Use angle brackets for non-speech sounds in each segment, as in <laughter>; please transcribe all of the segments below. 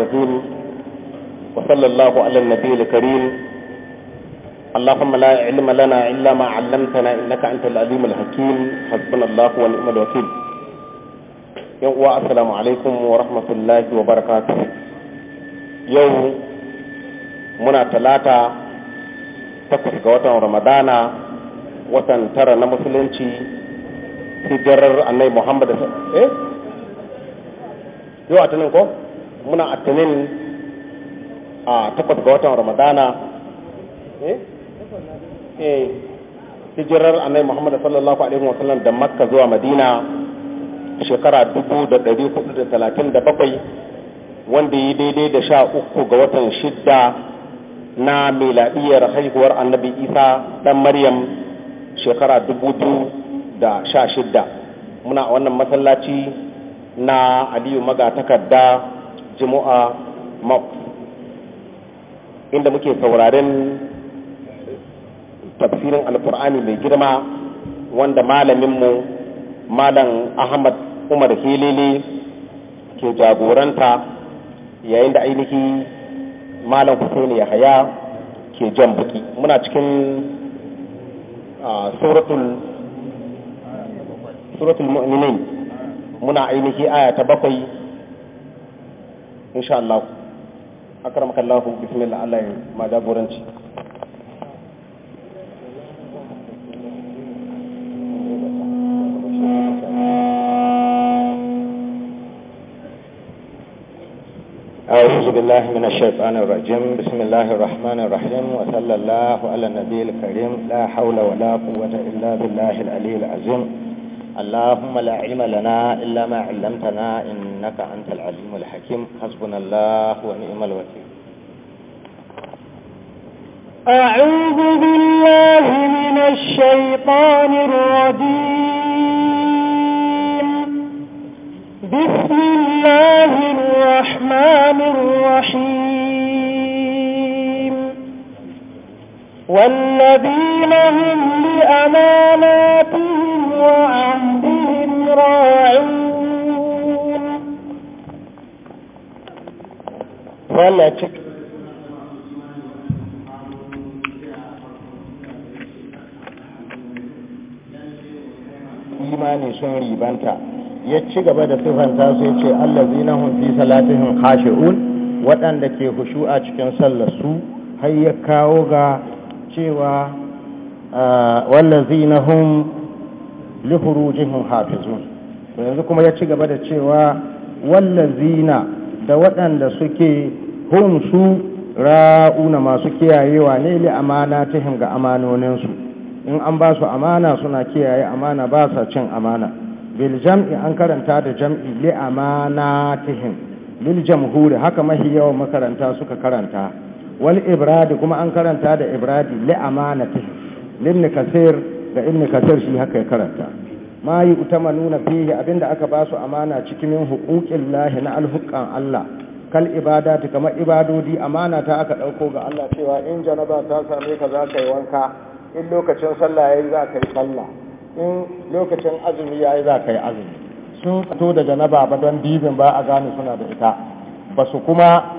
الرجيم وصلى الله على النبي الكريم اللهم لا علم لنا إلا ما علمتنا إنك أنت العليم الحكيم حسبنا الله ونعم الوكيل يوم السلام عليكم ورحمة الله وبركاته يوم منا ثلاثة تقف قوة رمضان وطن ترى نمسلنشي hijirar annai muhammad eh yau a tunan ko muna atinin a takwas ga watan ramadana eh? eh hijirar annabi muhammad sallallahu alaihi wa sallam da makka zuwa madina shekara dubu da hudu da talatin da bakwai wanda yi daidai da sha uku ga watan shidda na miladiyar haihuwar annabi isa dan maryam shekara dubu da sha shidda muna a wannan masallaci na aliyu magatakarda juma'a map inda muke sauraren tafsirin alkur'ani mai girma wanda malaminmu malam ahmad umar hilili ke jagoranta yayin da ainihi malam hussein yahaya ke jan buki muna cikin suratul mu'minin muna ainihi aya ta bakwai insha Allah akramaka Allah bismillah Allah ya ma jagoranci أعوذ بالله من الشيطان الرجيم بسم الله الرحمن الرحيم وصلى الله على النبي الكريم لا حول ولا قوة إلا بالله العلي العظيم اللهم لا علم لنا إلا ما علمتنا إنك أنت العليم الحكيم حسبنا الله ونعم الوكيل أعوذ بالله من الشيطان الرجيم بسم الله الرحمن الرحيم والذين هم لأماناتهم imani sun ribanta ya ci gaba da sifanta su ya ce allah hum fi salatihim kashi'un waɗanda ke hushu a cikin sallasu su har ya kawo ga cewa wallazina hun. li hafizun to yanzu kuma ya ci gaba da cewa wallazina da waɗanda suke hum su ra'una masu kiyayewa ne li tihin ga amanoninsu in an ba su amana suna kiyaye amana ba sa cin amana bil jam'i an karanta da jam'i li tihin lil jamhuri haka mahi yawan makaranta suka karanta wal ibradi kuma an karanta da ibradi li tihin lin kasir da ibn kasar shi haka ya karanta ma yi utama nuna fiye abinda aka ba su amana cikin hukukin lahi na alhukan Allah kal ibadati kama ibadodi amana ta aka ɗauko ga Allah cewa in janaba ta same ka za ka yi wanka in lokacin sallah ya yi za ka yi sallah in lokacin azumi ya yi za ka yi azumi sun fito da janaba ba don dibin ba a gane suna da ita ba su kuma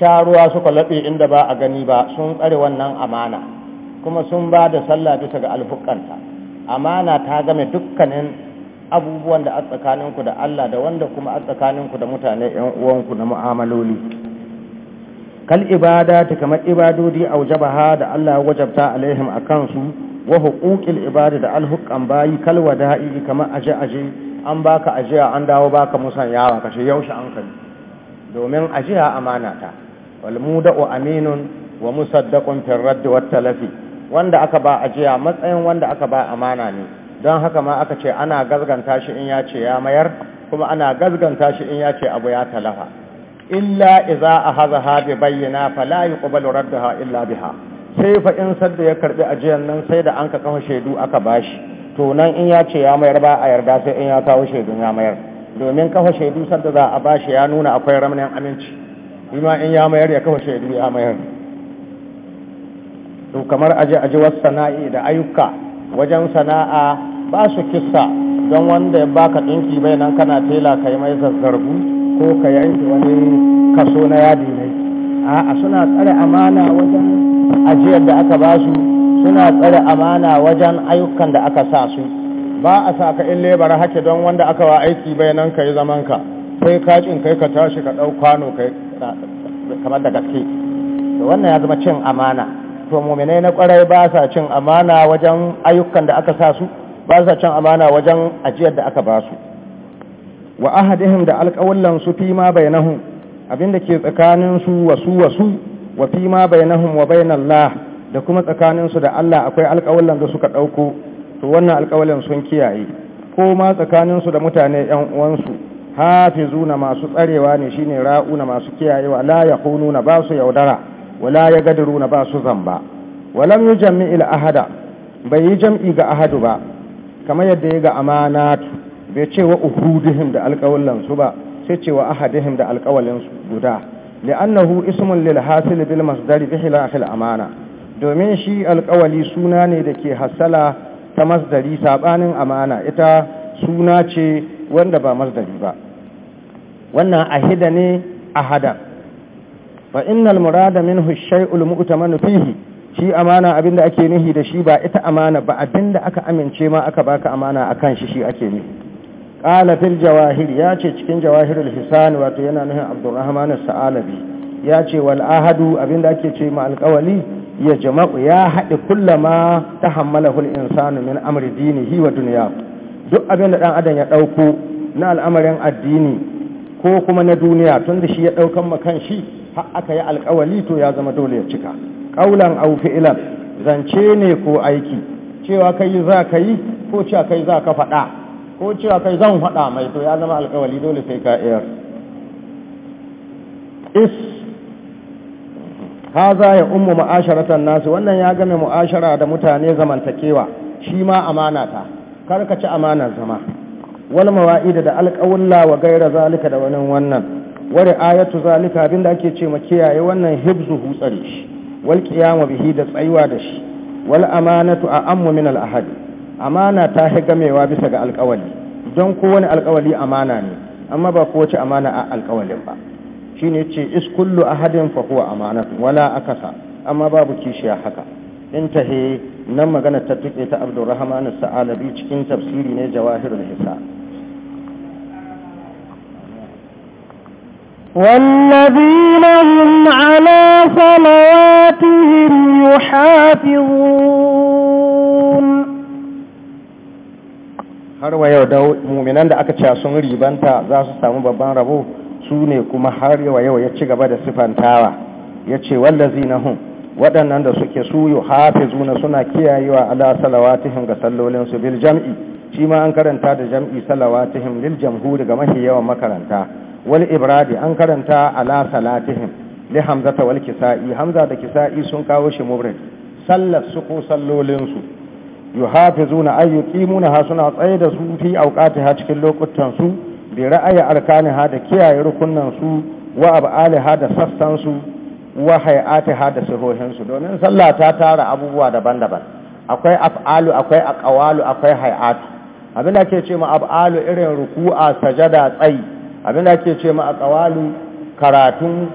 sha ruwa suka laɓe inda ba a gani ba sun tsare wannan amana kuma sun ba da sallah bisa ga alfukanta amana ta game dukkanin abubuwan da a tsakaninku da Allah da wanda kuma a tsakaninku da mutane ‘yan uwanku na mu'amaloli kal ibada ta kamar ibadodi a wajabaha da Allah wajabta alaihim a kansu wa huquqil ibada da alhuqan bayi kal wada'i kamar aje aje an baka ajiya an dawo baka musan yawa kashe yaushe an kai domin ajiya amana ta wal mudu aminun wa musaddaqun fil radd wat talafi wanda aka ba ajiya matsayin wanda aka ba amana ne don haka ma aka ce ana gazganta shi in ya ce ya mayar kuma ana gazganta shi in ya ce abu ya talafa illa iza ha bi bayyana fala yuqbalu raddaha illa biha sai fa in sadda ya karbi ajiyan nan sai da an ka kawo shaidu aka bashi to nan in ya ce ya mayar ba a yarda sai in ya kawo shaidun ya mayar domin kafa shaidu sadda za a bashi ya nuna akwai ramanin aminci kuma in ya mayar ya kafa shaidu ya mayar to kamar aje aje wasu sana'i da ayyuka wajen sana'a ba su kissa don wanda ya baka ɗinki bai nan kana tela kai mai zazzargu ko ka yanke wani kaso na yadi ne a'a suna tsare amana wajen ajiyar da aka ba su suna tsare amana wajen ayyukan da aka sa su ba a sa ka in lebar hake don wanda aka wa aiki bai nan ka yi zaman ka sai kacin kai ka tashi ka ɗau kwano kai kamar da gaske wannan ya zama cin amana to muminai na kwarai ba sa cin amana wajen ayyukan da aka sa su ba sa cin amana wajen ajiyar da aka ba su wa ahadihim da alƙawallan su fi ma bainahum abinda ke tsakanin su wasu wasu wa fi ma bainahum wa bainallah da kuma tsakanin su da Allah akwai alƙawallan da suka dauko to wannan alƙawallan sun kiyaye ko ma tsakanin su da mutane uwan uwansu hafizuna masu tsarewa ne shine ra'una masu kiyayewa la yaquluna ba su yaudara wala ya ga na ba su zamba walam yi jami'il ahada bai yi jam'i ga ahadu ba kamar yadda ya ga amanatu bai ce wa uhudihim da alƙawallansu ba sai ce wa ahadihim da alƙawalinsu guda li'annahu ismun lil hasil bil masdari bi hilafil amana domin shi alƙawali suna ne da ke hasala ta masdari sabanin amana ita suna ce wanda ba masdari ba wannan ahida ne ahada fa innal murada minhu shay'ul mu'tamanu fihi shi amana abinda ake nuhi da shi ba ita amana ba abinda aka amince ma aka baka amana akan shi shi ake nuhi qala fil jawahir ya ce cikin jawahirul hisani wato yana nuhin abdurrahman as-sa'alabi ya ce wal ahadu abinda ake ce ma alqawli ya jama'u ya haɗe kullama ta hammala hul insanu min amri dinihi wa duniya duk abin da ɗan adam ya ɗauko na al'amarin addini ko kuma na duniya tun da shi ya daukan makan shi har aka yi alkawali to ya zama dole ya cika ƙaulan au fi'lan zance ne ko aiki cewa kai za ka yi ko cewa kai za ka faɗa ko cewa kai zan faɗa mai to ya zama alkawali dole sai ka iya is haza ya ummu ma'asharatan nasu wannan ya game mu'ashara da mutane zamantakewa shi ma amana ta karkace amanar zama wal mawa'id da alƙawulla wa gaira zalika da wannan wani ayatu zalika abinda ake ce ma kiyaye wannan hibzu hutsari shi wal qiyamu bihi da tsayuwa da shi wal amanatu a ammu min al ahadi amana ta hegamewa bisa ga alkawali don ko wani alkawali amana ne amma ba kowace amana a alkawalin ba shine yace is kullu ahadin fa huwa amanatu wala akasa amma babu kishiya haka In tahe nan magana ta tuke ta Abdurrahman as-Sa'alabi cikin tafsiri ne Jawahirul Hisa والذين هم على صلواتهم يحافظون har wa yau da muminan da aka ce sun ribanta za su samu babban rabo su ne kuma har wa yau ya ci gaba da sifantawa ya ce na hun, waɗannan da suke su yi hafizuna suna kiyayewa ala salawatihim ga sallolinsu bil jam'i shi ma an karanta da jam'i salawatihim lil jamhuri ga mafi yawan makaranta wal ibradi an karanta ala salatihim li ta wal kisa'i hamza da kisa'i sun kawo shi mubrad sallar su ko sallolin su yuhafizuna ay yuqimuna ha suna tsaye da su fi awqatiha cikin lokutan su bi ra'ayi arkaniha da kiyaye rukunan su wa ab'aliha da sassan su wa hay'atiha da sihohin su domin sallah ta tara abubuwa daban-daban akwai af'alu akwai aqwalu akwai hay'atu abinda ke ce ma af'alu irin ruku'a sajada tsayi abinda ake ce ma a ƙawalu karatun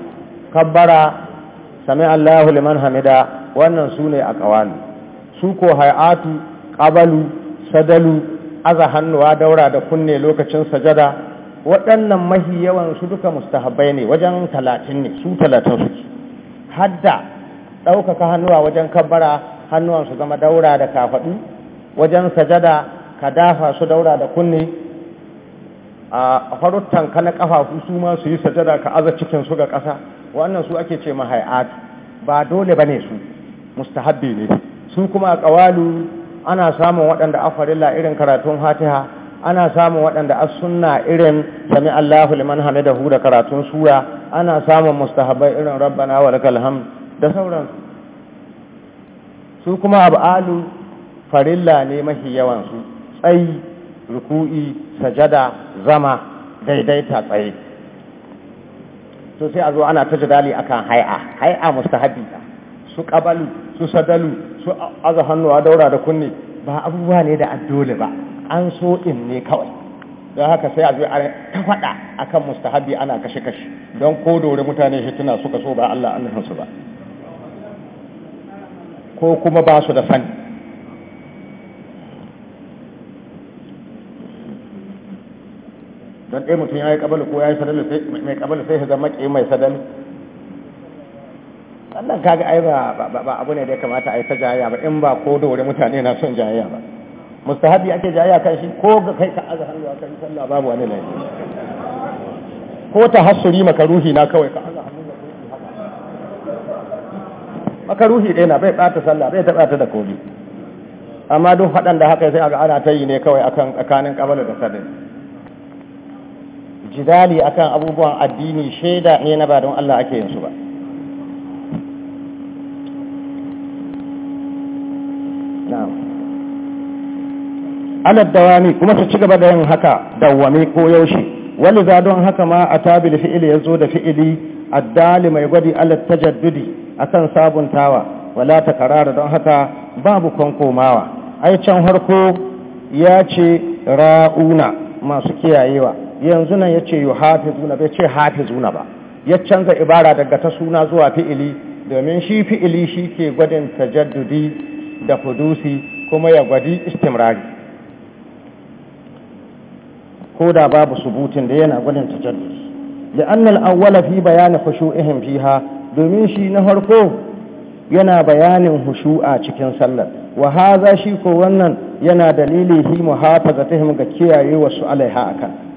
kabbara sami Allahu liman hamida wannan su ne a ƙawalu su ko hayatu ƙabalu sadalu aza hannuwa daura da kunne lokacin sajada waɗannan mahi yawan su duka mustahabbai ne wajen talatin ne su talatin suke hadda ɗaukaka hannuwa wajen kabbara hannuwan su zama daura da kafaɗu wajen sajada ka dafa su daura da kunne a farutan ka na kafafu su ma su yi sajada ka aza cikin su ga ƙasa wannan su ake ce mahai'at ba dole bane su mustahabbi ne su kuma a ƙawalu ana samun waɗanda afarilla irin karatun fatiha ana samun waɗanda as-sunna irin sami Allahu liman hamidahu da karatun sura ana samun mustahabbai irin rabbana wa lakal da sauransu su kuma abalu farilla ne mafi yawan su tsayi ruku'i sajada zama daidaita tsaye to sai a zo ana ta jidali akan hai'a hai'a mustahabi su ƙabalu, su sadalu su aza a daura da kunne ba abubuwa ne da addole ba an so in ne kawai don haka sai a zo ta faɗa akan mustahabi ana kashe-kashe don ko dore mutane hituna suka so ba Allah annabinsu ba ko kuma ba su da sani don ɗaya mutum ya yi kabali ko ya yi sadali mai kabali sai zama ƙi mai sadali wannan kaga ai ba ba abu ne da ya kamata a yi ta jayayya ba in ba ko da mutane na son jayayya ba mustahabi ake jayayya kan shi ko ga kai ka aza hannu kan sallah babu wani laifi ko ta hasuri makaruhi na kawai ka aza hannu makaruhi ɗaya na bai ɓata sallah bai ta da komi amma duk haɗan da haka sai ga ana ta yi ne kawai akan tsakanin ƙabalu da sadari jidali akan abubuwan addini shaida ne na ba don Allah ake yin su ba alad dawami kuma su ci gaba da yin haka dawami ko yaushe wani za don haka ma a tabil fi'ili ya zo da fi'ili addali mai gwadi alad tajaddudi akan sabuntawa wala ta karara don haka babu kwankomawa ai can harko ya ce ra'una masu kiyayewa yanzu nan ya ce yace ba bai ce hafi zuna ba ya canza ibara daga ta suna zuwa fi'ili domin shi fi'ili shi ke gwadin tajaddudi da hudusi kuma ya gwadi istimrari ko da babu subutin da yana gwadin tajaddudi li'annal awwala fi bayani khushu'ihim fiha domin shi na farko yana bayanin hushu'a cikin sallar wa hadha shi ko wannan yana dalili hi muhafazatihim ga kiyaye wasu alaiha akan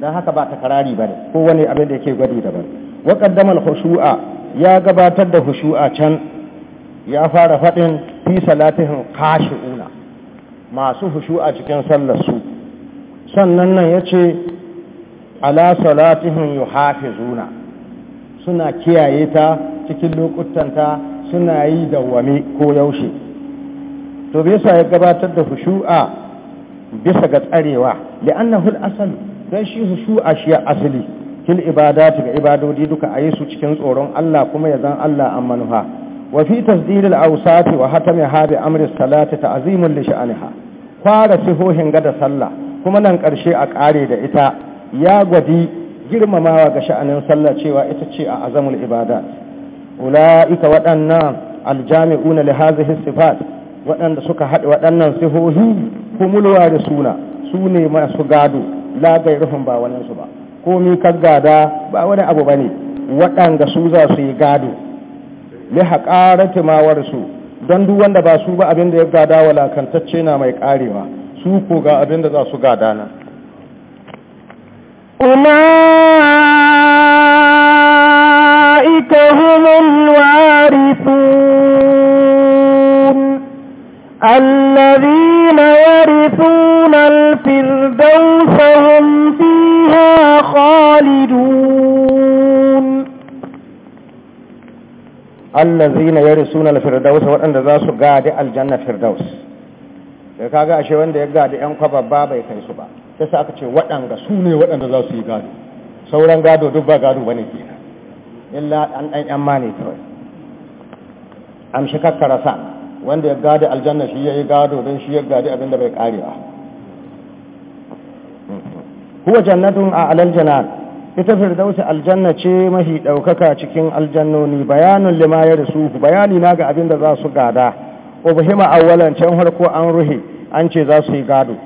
dan haka ba ta karari ba ko wani abin da yake gwadi daban wa hushu'a ya gabatar da khushu'a can ya fara faɗin fi kashi una masu hushu'a cikin sallar su sannan nan yace ala salatihim yuhafizuna suna kiyaye ta cikin lokutan ta suna yi dawwame ko yaushe to bisa ya gabatar da hushu'a bisa ga tsarewa li'annahu al-asal dan shi su a shi asali kil ibadati ga ibadodi duka a yi su cikin tsoron Allah kuma ya zan Allah an manuha wa fi tasdilil awsati wa hatami habi amri salati ta'zimun li sha'niha fara sihohin gada sallah kuma nan karshe a kare da ita ya gwadi girmamawa ga sha'anin sallah cewa ita ce a azamul ibada ula'ika waɗannan aljami'una li hadhihi sifat waɗanda suka haɗa waɗannan sihohi kumul da suna su masu gado la gairuhum ba wani su ba komi kan gada ba wani abu bane waɗanda su za su yi gado li haƙarati ma warsu don duk wanda ba su ba abin da ya gada walakantacce na mai ƙarewa su ko ga abin da za su gada na أولئك هم الوارثون الذين يرثون الفردوس هم فيها خالدون الذين يرثون الفردوس waɗanda za su gadi aljanna firdaus da kaga ashe wanda ya gadi yan kwababba bai kai su ba sai sa aka ce waɗanda su ne waɗanda za su yi gado sauran gado duk ba gado ba ne kenan illa an ɗan yan ma ne kawai amshi kakkarasa wanda ya gada aljanna shi ya yi gado don shi ya gadi abin da bai kare ba huwa jannatun a alal ita firdausi aljanna ce mahi daukaka cikin aljannoni bayanin lima ya su bayani na ga abin da za su gada ubhima awwalan can harko an ruhe an ce za su yi gado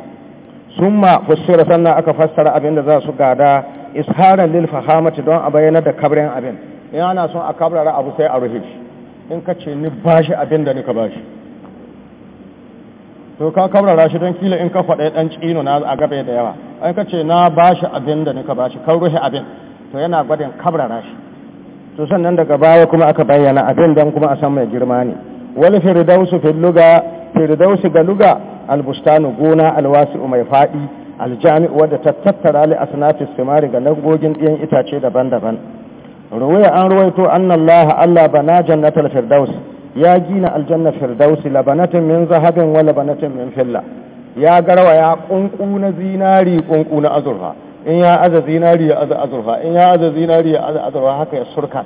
summa fassara sannan aka fassara abin da za su gada isharan lil fahamati don a bayyana da kabrin abin in ana son a kabrara abu sai a ruhe in ka ce ni ba shi abin da nika shi to ka kabrara shi don kila in ka faɗa ɗan cino na a gabe da yawa an ka ce na ba shi abin da nika shi kan ruhe abin to yana gwadin kabrara shi to sannan daga baya kuma aka bayyana abin don kuma a san mai girma ne wani firdausu filuga firdausu ga luga albustanu gona alwasi mai faɗi aljami'u wadda ta tattara li asnafi simari ga langogin ɗiyan itace daban-daban ruwaya an ruwaito annallaha Allah bana jannatul firdaus ya gina aljanna firdausi labanatin min zahabin wa labanatin min filla ya garwa ya kunku na zinari kunku na azurfa in ya aza zinari ya aza azurfa in ya aza zinari ya aza azurfa haka ya surka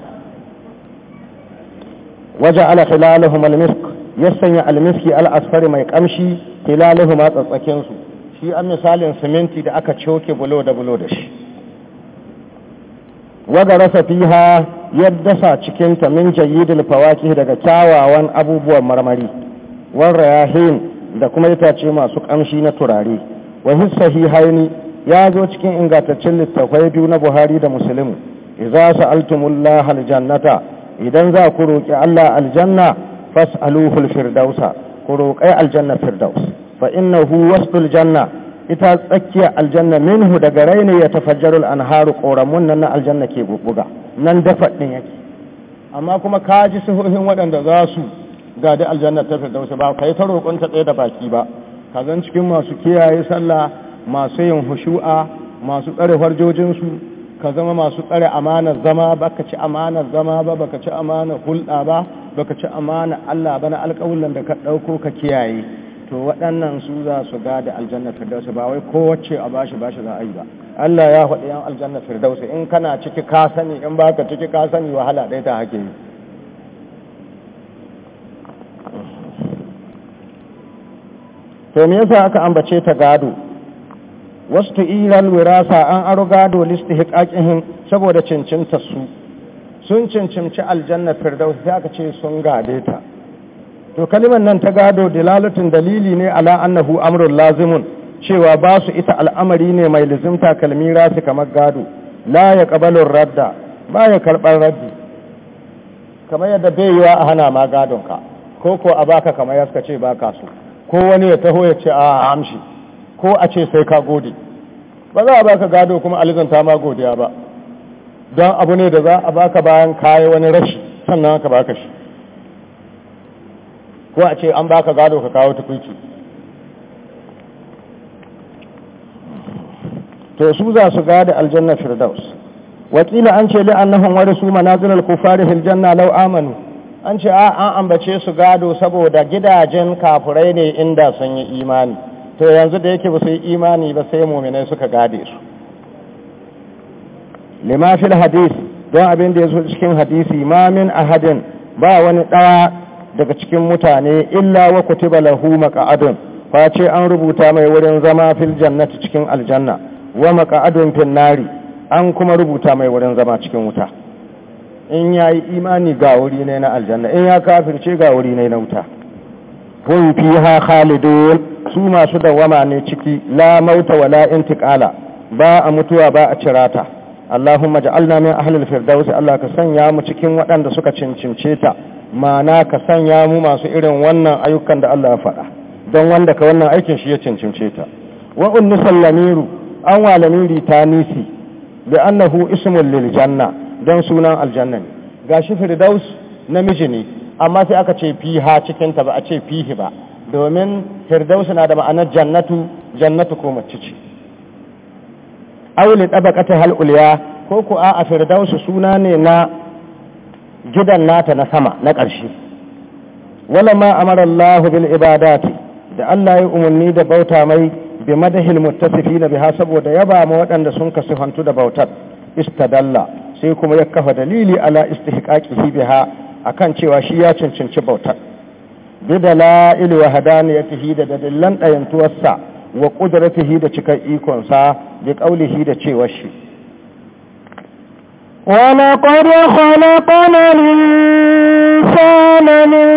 waja'ala khilalahum al-misk ya sanya almiski al'asfari mai kamshi hilalahu ma tsatsakensu shi an misalin siminti da aka coke bulo da bulo da shi wadda rasa fiha ya dasa cikinta min jayyidil fawaki daga kyawawan abubuwan marmari warrayahin da kuma itace masu kamshi na turare wa hissahi haini ya zo cikin ingantaccen littafai biyu na buhari da muslim idza sa'altumullah aljannata idan za ku roki Allah aljanna fas'aluhu alfirdausa ku roƙai aljanna firdaus fa innahu wasdul janna ita tsakiyar aljanna minhu daga raini ya tafajjarul anharu ƙoramun nan na aljanna ke buga nan dafa ɗin yake amma kuma ka ji sahohin waɗanda za su gadi aljanna ta firdausi ba ka yi ta roƙon ta tsaye da baki ba ka zan cikin masu kiyaye sallah masu yin hushu'a masu tsare farjojinsu ka zama masu tsare amanar zama baka ci amanar zama ba baka ci amanar hulɗa ba baka ci amanar Allah ba na alƙawullan da ka ɗauko ka kiyaye to waɗannan su za su da aljanna firdausa ba wai kowace a bashi bashi za a yi ba Allah ya faɗi yan aljanna firdausa in kana ciki ka sani in baka ciki ka sani wahala ɗaya ta hake yi to me yasa aka ambace ta gado wasu ilal wirasa an aro gado listi hikakihin saboda cincinta su sun cincinci aljanna firdausa sai aka ce sun gade ta to kalimar nan ta gado dilalatin dalili ne ala annahu amrun lazimun cewa ba su ita al'amari ne mai lizimta kalmira su kamar gado la ya kabalin radda ba ya karɓar raddi kamar yadda bai yiwa a hana ma gadon ka. ko ko a baka kamar yaska ce baka su ko wani ya taho ya ce a amshi ko a ce sai ka gode ba za a baka gado kuma alizanta ma godiya ba don abu ne da za a baka bayan kayi wani rashi sannan ka baka shi ko a ce an baka gado ka kawo tukunci to su za su gada aljanna firdaus wakila an ce li'annahum warisu manazil al-kufari fil janna law amanu an ce a an ambace su gado saboda gidajen kafurai ne inda sun yi imani to yanzu da yake ba su yi imani ba sai mu'minai suka gade su lima fil hadisi don abin da ya zo cikin hadisi ma min ahadin ba wani dawa daga cikin mutane illa wa kutiba lahu maq'adun ce an rubuta mai wurin zama fil jannati cikin aljanna wa maq'adun fil nari an kuma rubuta mai wurin zama cikin wuta in yayi imani ga wuri ne na aljanna in ya kafirce ga wuri ne na wuta fi fiha khalidun su masu dawama ne ciki la mauta wala intiqala ba a mutuwa ba a cirata Allahumma ja'alna min ahlil firdausi Allah ka sanya mu cikin waɗanda suka cincince ta ma'ana ka sanya mu masu irin wannan ayyukan da Allah ya faɗa don wanda ka wannan aikin shi ya cancance ta wa unnu sallamiru an wa lamiri ta nisi bi annahu ismul lil janna don sunan aljanna ne gashi firdaus namiji ne amma sai aka ce fiha cikin ta ba a ce fihi ba domin firdaus na da ma'anar jannatu jannatu ko mace ce aw li tabaqati hal ulya ko ku a firdausu suna ne na gidan nata na sama na ƙarshe wala ma amara Allahu bil ibadati da Allah ya umarni da bauta mai bi madahil muttasifina biha saboda yaba ma waɗanda sun kasu hantu da bautar istadalla sai kuma ya kafa dalili ala istihqaqihi biha akan cewa shi ya cancanci bautar bi dalail wa hadaniyatihi da dalilan dayantuwarsa wa qudratihi da cikar ikonsa bi qaulihi da cewa shi ولقد خلقنا الإنسان من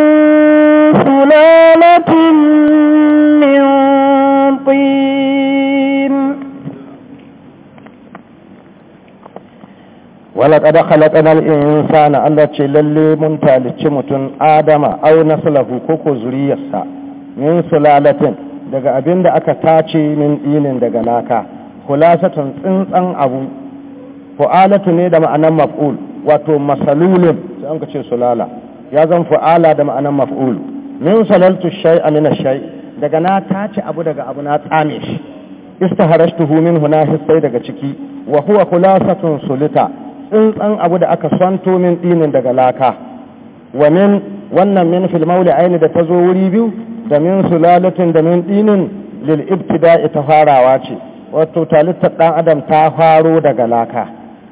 سلالة من طين ولقد خلقنا الإنسان التي للي تالي متن آدم أو نسله كوكو زريسا من سلالة دقى أبين دقى تاتي من إين دقى ناكا خلاصة تنسان أبو fu'alatu ne da ma'anan maf'ul wato masalulun sai an ce sulala ya zan fu'ala da ma'anan maf'ul min salaltu shay'a min ash-shay daga na tace abu daga abu na tsame shi istaharashtuhu huna na hissai daga ciki wa huwa khulasatun sulita tsintsan abu da aka santo min dinin daga laka wa min wannan min fil mauli aini da tazo wuri biyu da min sulalatin da min dinin lil ibtida'i ta farawa ce wato talittar dan adam ta faro daga laka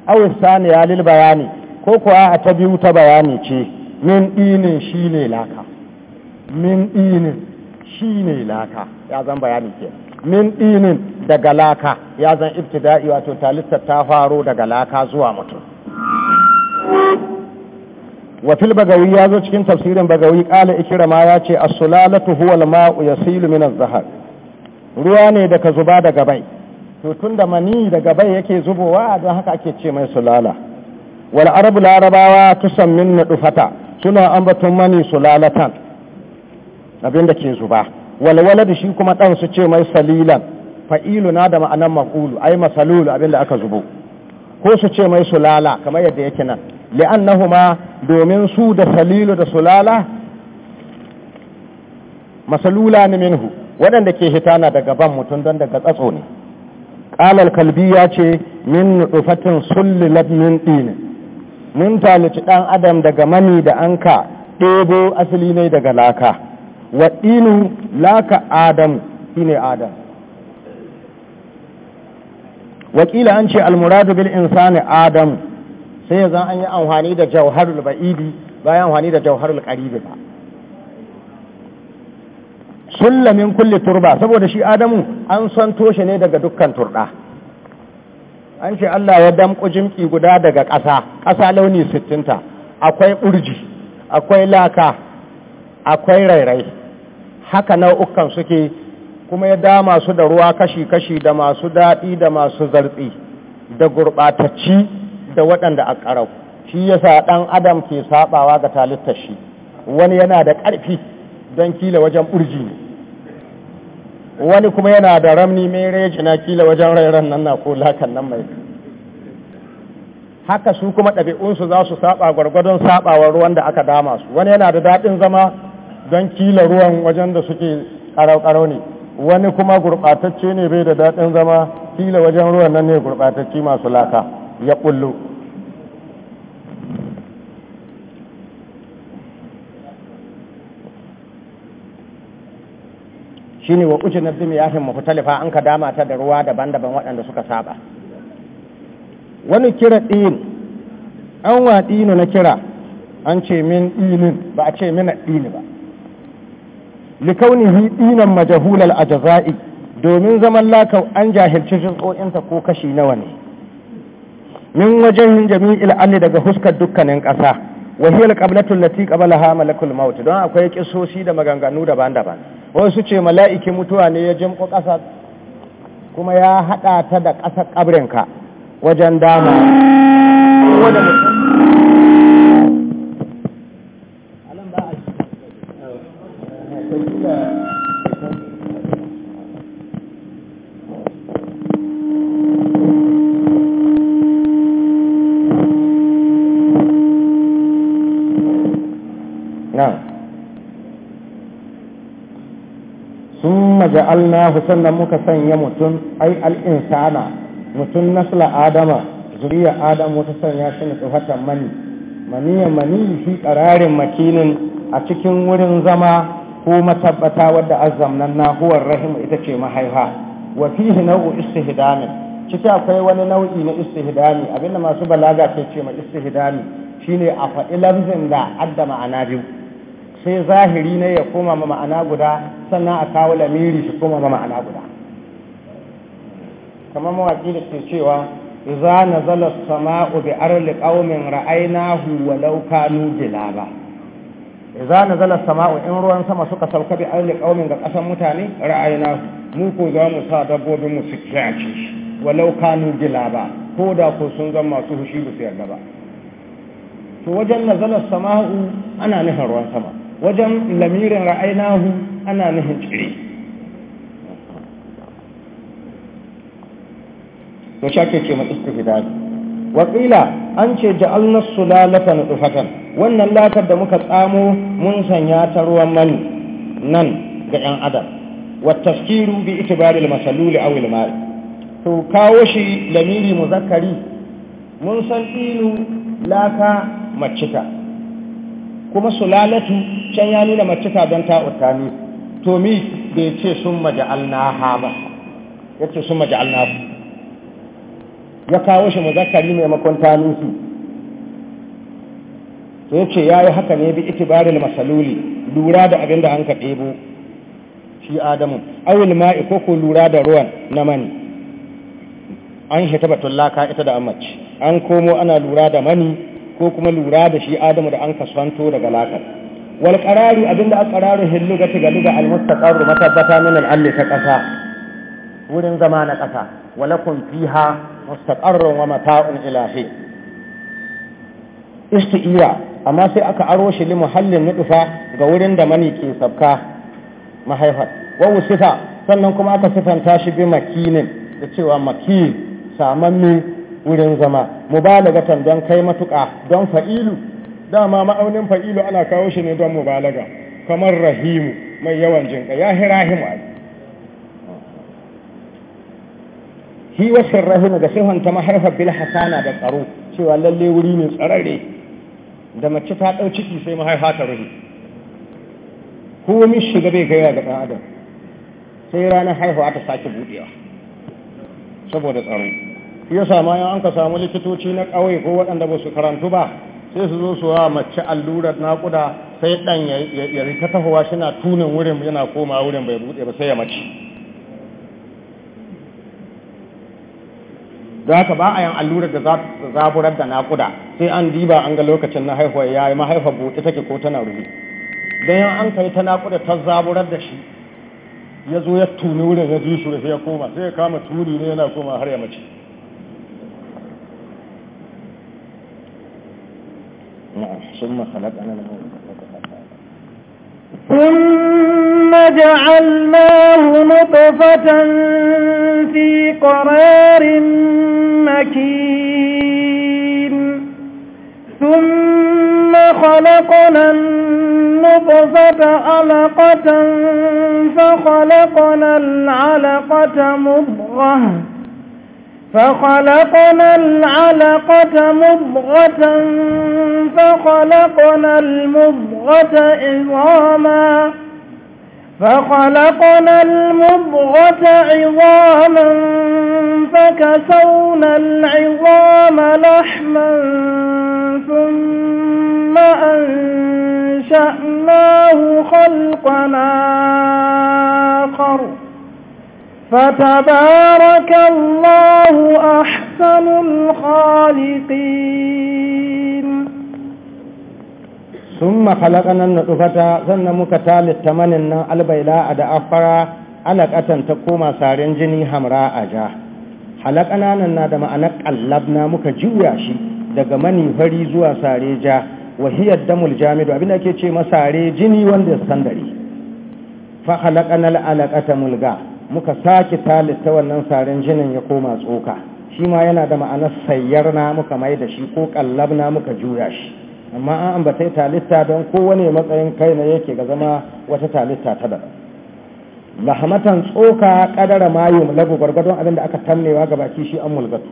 awis sani ya lil bayani ko kuwa a ta biyu ta bayani ce min ɗinin shi ne laka min ɗinin shi ne laka ya zan bayani ke min ɗinin daga laka ya zan ibtida'i wato talistar ta faro daga laka zuwa mutum wafil bagawi ya zo cikin tafsirin bagawi ikira ma ya ce as-sulalatu huwa al-ma'u yasilu min az-zahar ruwa ne daga zuba daga bai to tun da mani daga bai yake zubowa don haka ake ce mai sulala wal arabu larabawa min na dufata suna ambaton mani sulalatan abinda ke zuba walwala da shi kuma ɗan su ce mai salilan fa'ilu na da ma'anan makulu ai masalulu abinda aka zubo ko su ce mai sulala kamar yadda yake nan li'annahuma domin su da salilu da sulala masalula ne minhu waɗanda ke hitana daga ban mutum don daga tsatso ne ƙalar kalbi ya ce min nufatin sullulat min ɗini mun talici ɗan adam daga mani da anka ka ɗebo asali ne daga laka wa ɗinu laka adam shine adam wakila an ce almuradu bil insani adam sai yanzu an yi amfani da jauharul ba yi amfani da jauhar qaribi ba sulla min kulli turba saboda shi adamu an san toshe ne daga dukkan turda an ce Allah ya damƙo jimki guda daga ƙasa ƙasa launi sittinta akwai urji akwai laka akwai rairai haka nau'ukan suke kuma ya dama su da ruwa kashi-kashi da masu daɗi da masu zartsi da gurɓatacci da waɗanda a ƙarau shi yasa ɗan adam ke sabawa ga talittar shi wani yana da ƙarfi don kila wajen urji ne wani kuma yana da ramni mai reji na kila wajen rairan nan na ko lakan nan mai haka su kuma ɗabi'unsu za su saba gwargwadon saɓawar ruwan da aka dama su wani yana da daɗin zama don kila ruwan wajen da suke ƙarau-ƙarau ne wani kuma gurɓatacce ne bai da daɗin zama kila wajen ruwan nan ne gurɓatacce masu laka ya ƙullu shine wa ujina fi mafi talifa an ka dama ta da ruwa daban-daban waɗanda suka saba wani kira ɗin an wa ɗinu na kira an ce min ɗinin ba a ce min ɗini ba likaunihi dinan majahulal jaza'i domin zaman lakau an jahilci jiz'o'insa ko kashi nawa ne min wajen jami'il alli daga huskar dukkanin ƙasa wahiyar ƙablatun lati ƙabalaha malakul mawuti don akwai kisosi da maganganu daban-daban wasu ce mala'iki mutuwa ne ya jimko ƙasa kuma ya haɗa ta da ƙasar ƙabrinka wajen dama thumma ja'alnahu sannan muka sanya mutum ai al-insana mutum nasla adama zuriya adam wata sanya shi nutfatan mani maniyan mani fi kararin makinin a cikin wurin zama ko matabbata wadda azzamnan na huwar rahim ita ce mahaifa wa fihi nau'u istihdamin ciki akwai wani nau'i na istihdami abinda masu balaga ke ce ma istihdami shine a faɗi lafzin da adda ma'ana biyu sai zahiri ne ya koma ma ma'ana guda sannan a kawo lamiri shi koma ma ma'ana guda kamar mawaƙi da ke cewa na zala sama'u bi arli qaumin ra'aynahu walau kanu Za na zala sama'u in ruwan sama suka sauka bi arli qaumin ga kasan mutane ra'aina mu ko za mu sa dabbobin mu su kiyace shi walau kanu ko da ko sun zama masu hushi ba su yarda ba to wajen nazalar sama'u ana nufin ruwan sama wajen lamirin ra'ainahu ana nufin tsiri to shake ce mai istihdaji wakila an ce lalata na nutfatan wannan latar da muka tsamo mun sanya ta ruwan man nan ga yan adam wa skiru bi ita al-masalul aw al to kawo shi lamiri mu, Zakari. mun san ilu laka macita kuma sulalatu can ya nuna mace ta don ta utani to mi bai ce sun maja'alnaha ba ya ce sun ba. ya kawo shi mai maimakon nufi to ya ce ya yi haka ne bi itibarin masaloli. lura da abin da an ɗebo shi adamu awil ma'i ko ku lura da ruwan na mani an shi ta batun laka ita da mace. an komo ana lura da mani ko kuma lura da shi adamu da an kasuwanto daga lakar wal abinda aka ƙararu hillu ga tiga liga al mustaqarru matabbata min al'alli ta ƙasa. wurin zama na kasa walakum fiha mustaqarrun wa mata'un ilahi isti'ira amma sai aka aro shi li muhallin nudufa ga wurin da mani ke sabka mahaifar wa sifa, sannan kuma aka sifanta shi bi makinin da cewa makin samamme wurin zama mubalagatan don kai matuƙa don fa'ilu dama ma'aunin fa'ilu ana kawo shi ne don mubalaga kamar rahimu mai yawan jinƙa, ya hi rahimu hi wasu rahimu ga sihonta maharfa bil hasana da tsaro cewa lalle wuri ne tsararre da mace ta ɗau ciki sai maharfa ta rahi komi shiga bai gaya ga ɗan adam sai ranar haihuwa ta sake buɗewa saboda tsaro shi yasa ma an ka samu likitoci na ƙauye ko waɗanda ba su karantu ba sai su zo su wa mace allurar naƙuda sai ɗan ya rika tahowa na tunin wurin yana koma wurin bai buɗe ba sai ya mace za ka ba a yin allurar da zaburar da naƙuda sai an diba an ga lokacin na haihuwa ya yi mahaifar buɗe take ko tana rubi don yan an kai ta naƙuda ta zaburar da shi ya zo ya tuni wurin ya ji shi rufe ya koma sai ya kama tuni ne yana koma har ya mace نعم ثم خلقنا له ثم جعلناه نطفة في قرار مكين ثم خلقنا النطفة علقة فخلقنا العلقة مضغة فخلقنا العلقة مضغة فخلقنا المضغة عظاما فخلقنا المضغة عظاما فكسونا العظام لحما ثم أنشأناه خلقنا آخر فتبارك الله أحسن الخالقين ثم خلقنا النطفة ثم مكتال التمنن البيلاء دعفرا علقة تقوم سارين جني همراء أجا خلقنا ننا دم أنك قلبنا مكجواشي daga mani fari zuwa sare ja wahiyar damul jamidu abinda ake ce masare jini wanda ya sandare fa halaqana alaqata mulga muka sake talitta wannan sarin jinin ya koma tsoka shi ma yana da ma'anar sayyar na muka mai da shi ko kallab na muka juya shi amma an ambatai talista don kowane matsayin kai na yake ga zama wata talita ta da lahamatan tsoka kadara mayu lagu gwargwadon abin da aka tamnewa ga baki shi an mulgatu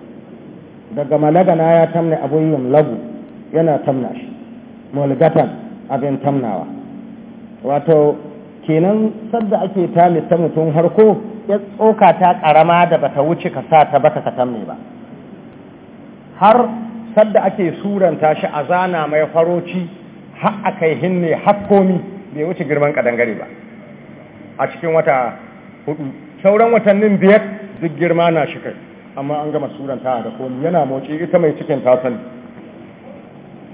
daga malagana ya tamne abu yi mulagu yana tamna shi mulgatan abin tamnawa wato kenan sadda ake tamis ta mutum harko ya tsoka ta karama da bata wuce ka sa ta baka katamme ba har sadda ake suranta shi a zana mai faroci har akai hinne har komi bai wuce girman kadangare ba a cikin wata hudu sauran watannin biyar duk girma na shi kai amma an gama suranta da komi yana motsi ita mai cikin tasani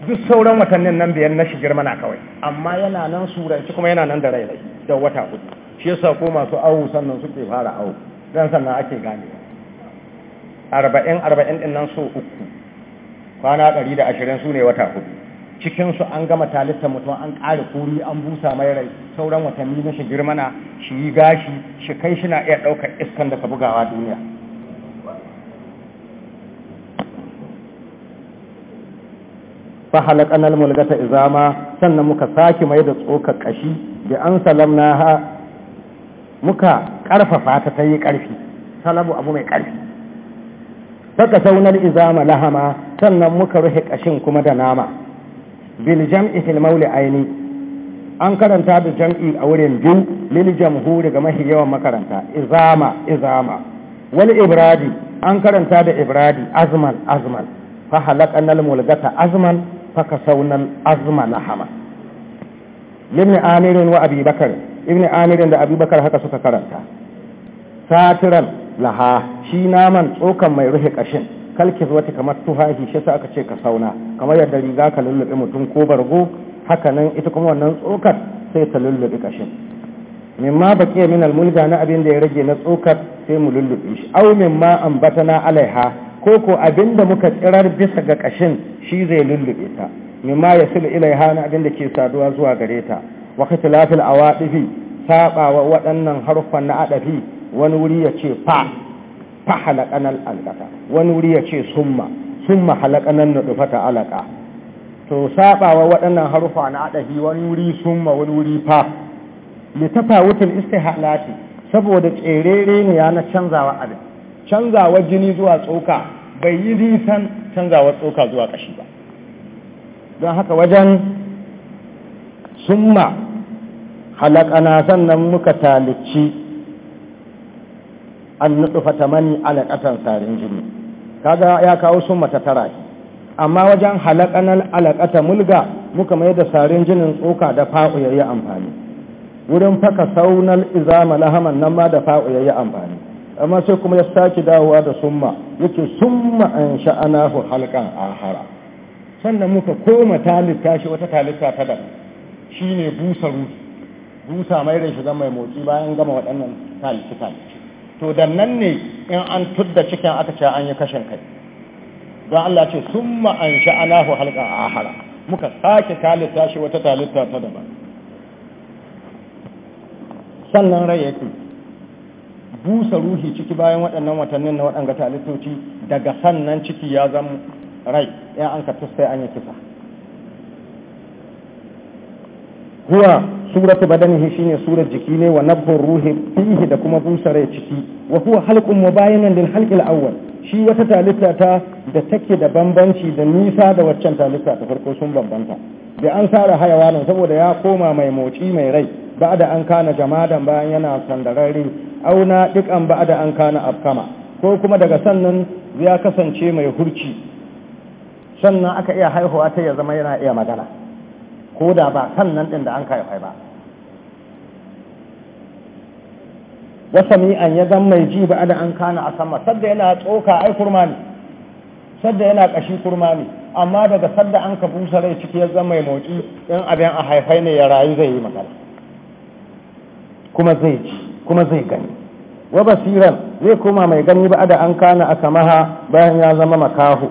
duk sauran watannin nan biyan na shigar mana kawai amma yana nan suranci kuma yana nan da rai da wata hudu shi yasa ko masu awo sannan suke fara awo dan sannan ake gane arba'in arba'in din nan so uku kwana ɗari da ashirin su ne wata hudu cikinsu an gama talitta mutum an ƙara kuri an busa mai rai sauran watanni na shi girmana shi yi gashi shi kai shi na iya ɗaukar iskan da ka bugawa duniya fahalak anal mulgata izama sannan muka saki mai da tsokar kashi da an salamna ha muka karfafa ta ta yi karfi salamu abu mai karfi saka sauna izama lahama sannan muka rufe kashin kuma da nama bil jam'i fil mawli aini an karanta da jam'i a wurin biyu lil jamhuri ga mahi yawan makaranta izama izama wal ibradi an karanta da ibradi azman azman fa halaqa nal mulgata azman azuma na نحما لابن آمير wa بكر ابن آمير da abubakar haka suka karanta satiran laha shi naman tsokan mai rufe kashin kalkis wata kamar tufafi shi sa aka ce ka sauna kamar yadda riga ka lullube mutum ko bargo hakanan ita kuma wannan tsokar sai ta lullube kashin mimma baqiya min al-mulga na abin da ya rage na tsokar sai mu lullube shi aw mimma ambatana alaiha ko ko abin da muka tsirar bisa ga ƙashin shi zai lullube ta mimma ya sulu ilai hana abin da ke saduwa zuwa gare ta wa kitilafil awadifi saba wa waɗannan harfan na adafi wani wuri ya ce fa fa halaqanal alqata wani wuri ya ce summa summa halaqanan ta alaƙa. to saba wa waɗannan haruffa na adafi wani wuri summa wani wuri fa tafa tafawutul istihalati saboda tserere ne ya na canzawa abin canzawar jini zuwa tsoka bai yi nisan canzawar tsoka zuwa kashi ba don haka wajen summa halakana sannan muka talici an nutsufa ta mani alaƙatan sarin jini kaga ya kawo summa ta tara amma wajen halakanan alakata mulga muka mai da sarin jinin tsoka da fa'u ya yi amfani wurin faka saunar izama lahaman nan ma da fa'u ya yi amfani amma sai kuma ya sake dawowa da summa yake summa an sha'anahu halkan ahara sannan muka koma talitta shi wata talitta ta da shine busa ruhi busa mai da shiga mai motsi bayan gama waɗannan talitta talitta to da nan ne in an tudda cikin aka ce an yi kashin kai don Allah ce summa an sha'anahu halkan ahara muka sake talitta shi wata talitta ta daban sannan rai yake busa ruhi ciki bayan waɗannan watannin na waɗanga talitoci daga sannan ciki ya zama rai ya an ka an yi kisa huwa suratu badanihi shine surar jiki ne wa nabhur ruhi fihi da kuma busa rai ciki wa huwa halqun mubayanan lil halqil awwal shi wata talitta ta da take da bambanci da nisa da waccan talitta ta farko sun bambanta da an sara hayawanin saboda ya koma mai motsi mai rai ba'da an kana jamadan bayan yana sandararre auna dukan ba'da an kana afkama ko kuma daga sannan ya kasance mai hurci sannan aka iya haihuwa ta ya zama yana iya magana ko da ba sannan din da an kai ba wasa an ya zama mai ji ba'da an kana a sama sadda yana tsoka ai kurma ne sadda yana kashi kurma ne amma daga sadda an ka busa rai ciki ya zama mai motsi in abin a haifai ne ya rayu zai yi magana kuma zai ci kuma zai gani wa basiran zai koma mai gani ba da an kana a samaha bayan ya zama makahu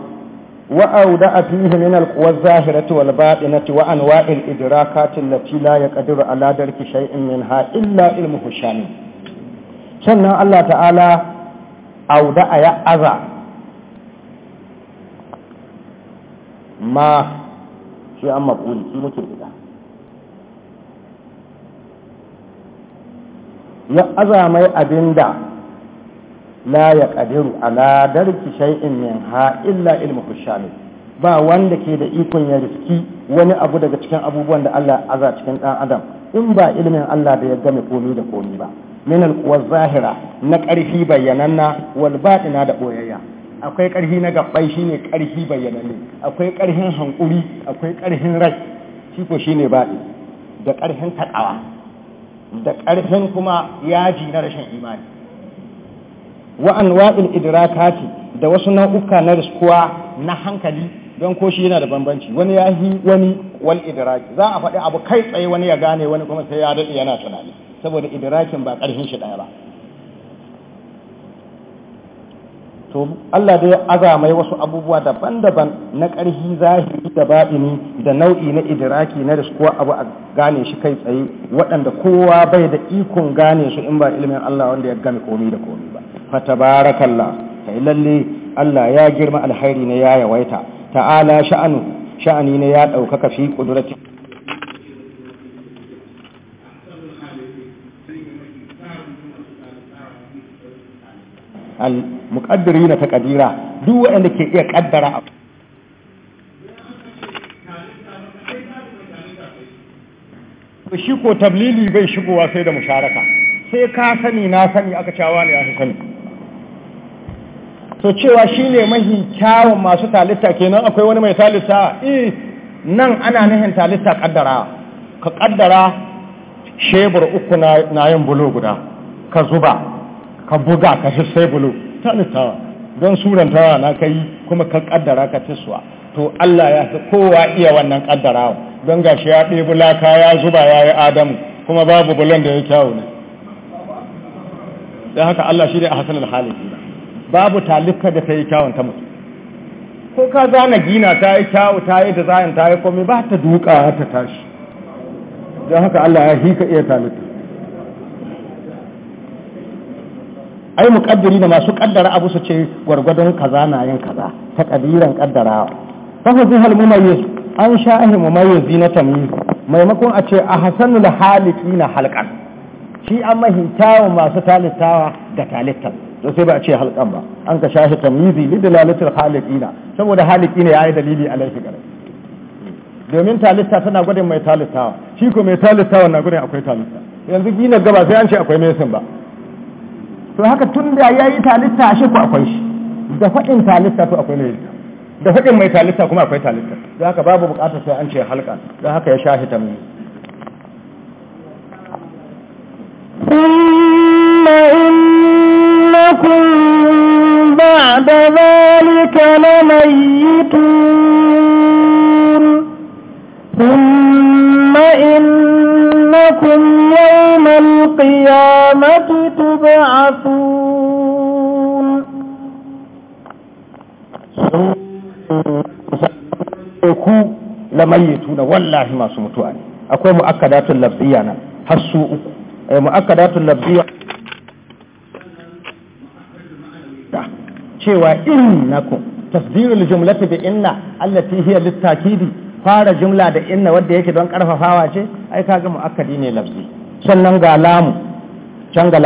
wa auda a fihi min alquwa zahirati wal batinati wa anwa'il idrakati allati la yaqdiru ala darki shay'in minha illa ilmuhu shani sannan Allah ta'ala auda a ya aza ma shi amma maƙuli shi muke gida ya azamai abin da la ya ƙadiru ala darki shay'in min ha illa ilmu kushami ba wanda ke da ikon ya riski wani abu daga cikin abubuwan da Allah aza cikin ɗan adam in ba ilmin Allah da ya game komi da komi ba min alquwar zahira na ƙarfi bayyananna wal batina da boyayya akwai ƙarfi na gabbai shine ƙarfi bayyananne akwai ƙarfin hankuri akwai ƙarfin rai shi ko shine baɗi da ƙarfin takawa da ƙarfin kuma yaji na rashin imani wa anwa'il idrakati da wasu nau'uka na riskuwa na hankali don ko shi yana da bambanci wani ya yi wani wal idraki za a faɗi abu kai tsaye wani ya gane wani kuma sai ya daɗe yana tunani saboda idrakin ba ƙarfin shi ɗaya ba to Allah dai azamai wasu abubuwa daban-daban na ƙarfi zahiri da baɗini da nau'i na idiraki na risko abu a gane shi kai tsaye waɗanda kowa bai da ikon gane su in ba ilimin Allah wanda ya gami komi da komi ba fatabarakallah sai lalle Allah ya girma alhairi na ya yawaita ta'ala sha'anu sha'ani ne ya ɗaukaka fi ƙudurati al muƙaddari na taƙadira duk waɗanda ke iya ƙaddara abu shi ko tablili bai shigowa sai da musharaka sai ka sani na sani aka cewa ne ya sani to cewa shi ne mahi kyawun masu talista kenan akwai wani mai talista eh nan ana nihin talista ƙaddara, ka ƙaddara shebur uku na yin bulo guda ka zuba ka buga ka sai bulo talisawa don surantawa na kai kuma ka kaddara ka tasuwa to Allah ya fi kowa iya wannan kaddarawa don gashi ya ɗebi bulaka ya zuba ya yi adamu kuma babu bulan da ya kyawu ne don haka Allah shi ne a hasanar halin babu talibka da ta yi kyawun ta mutu ko ka zana gina ta yi kyawu ta yi da zayin ta yi komai ba ta duka ta tashi don haka Allah ya hika iya talibka ai muƙaddiri da masu ƙaddara abu su ce gwargwadon kaza na yin kaza ta ƙadiran ƙaddarawa fa fa zihal mumayyiz an shahi mumayyiz na tamyiz maimakon a ce a hasanul na halqan shi an mahi kyawun masu talittawa da talittan to sai ba a ce halqan ba an ka shahi tamyizi lidalalatul halikina saboda ya yi dalili laifi gare domin talitta tana gudun mai talittawa shi ko mai talittawa na gudun akwai talitta yanzu gina gaba sai an ce akwai mesin ba to haka tun da ya yi talista a shekwa akwai shi da faɗin talista to akwai mai da faɗin mai talista kuma akwai talista da haka babu buƙatar sai an ce halka da haka ya sha shi tamu ثم إنكم يوم القيامة يبعثون ku la mayyituna wallahi masu mutuwa ne akwai lafziya na har su uku eh, lafziya cewa tasdirul jumlati bi inna allati hiya litakidi fara jumla da inna wanda yake don karfafawa ce ai kaga mu'akkadi ne lafzi sannan ga lamu can ga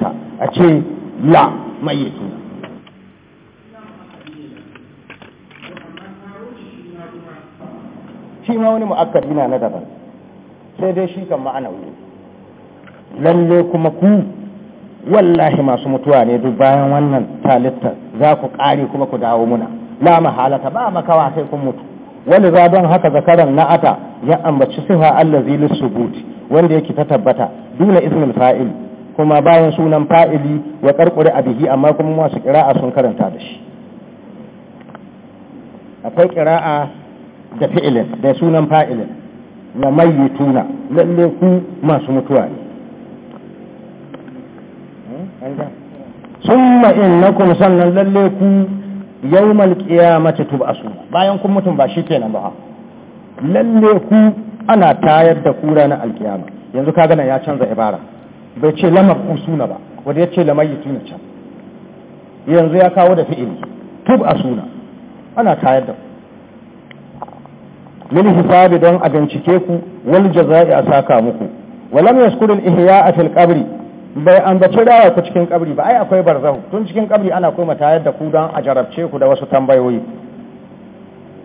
ta a ce la mayyitu shi ma wani mu'akkadi na na daban sai dai shi kan wuri lalle kuma ku wallahi masu mutuwa ne duk bayan wannan talitta za ku ƙare kuma ku dawo muna la mahalata ba makawa sai kun mutu wani za don haka zakaran na ata ya ambaci sifa allazi lissubuti wanda yake ta tabbata duna ismin fa'il kuma bayan sunan fa'ili ya karkure a bihi amma kuma masu ƙira'a sun karanta da shi akwai ƙira'a da fi'ilin da sunan fa'ilin na mayyituna lalle ku masu mutuwa ne summa innakum sannan lalle ku mace tuba a suna, bayan kun mutum ba shi shikenan ba lalle ku ana tayar da kura na alkiyama yanzu ka gana ya canza ibara bai ce lamar suna ba wadda ya ce lamar yi tuna can yanzu ya kawo da fi'ili tub a suna ana tayar da min hisabi don a bincike ku wal jaza'i a saka muku walam yashkuru al ihya a fil qabri bai ambaci rawa ku cikin kabri ba ai akwai barzahu tun cikin kabri ana koma tayar da ku don a jarabce ku da wasu tambayoyi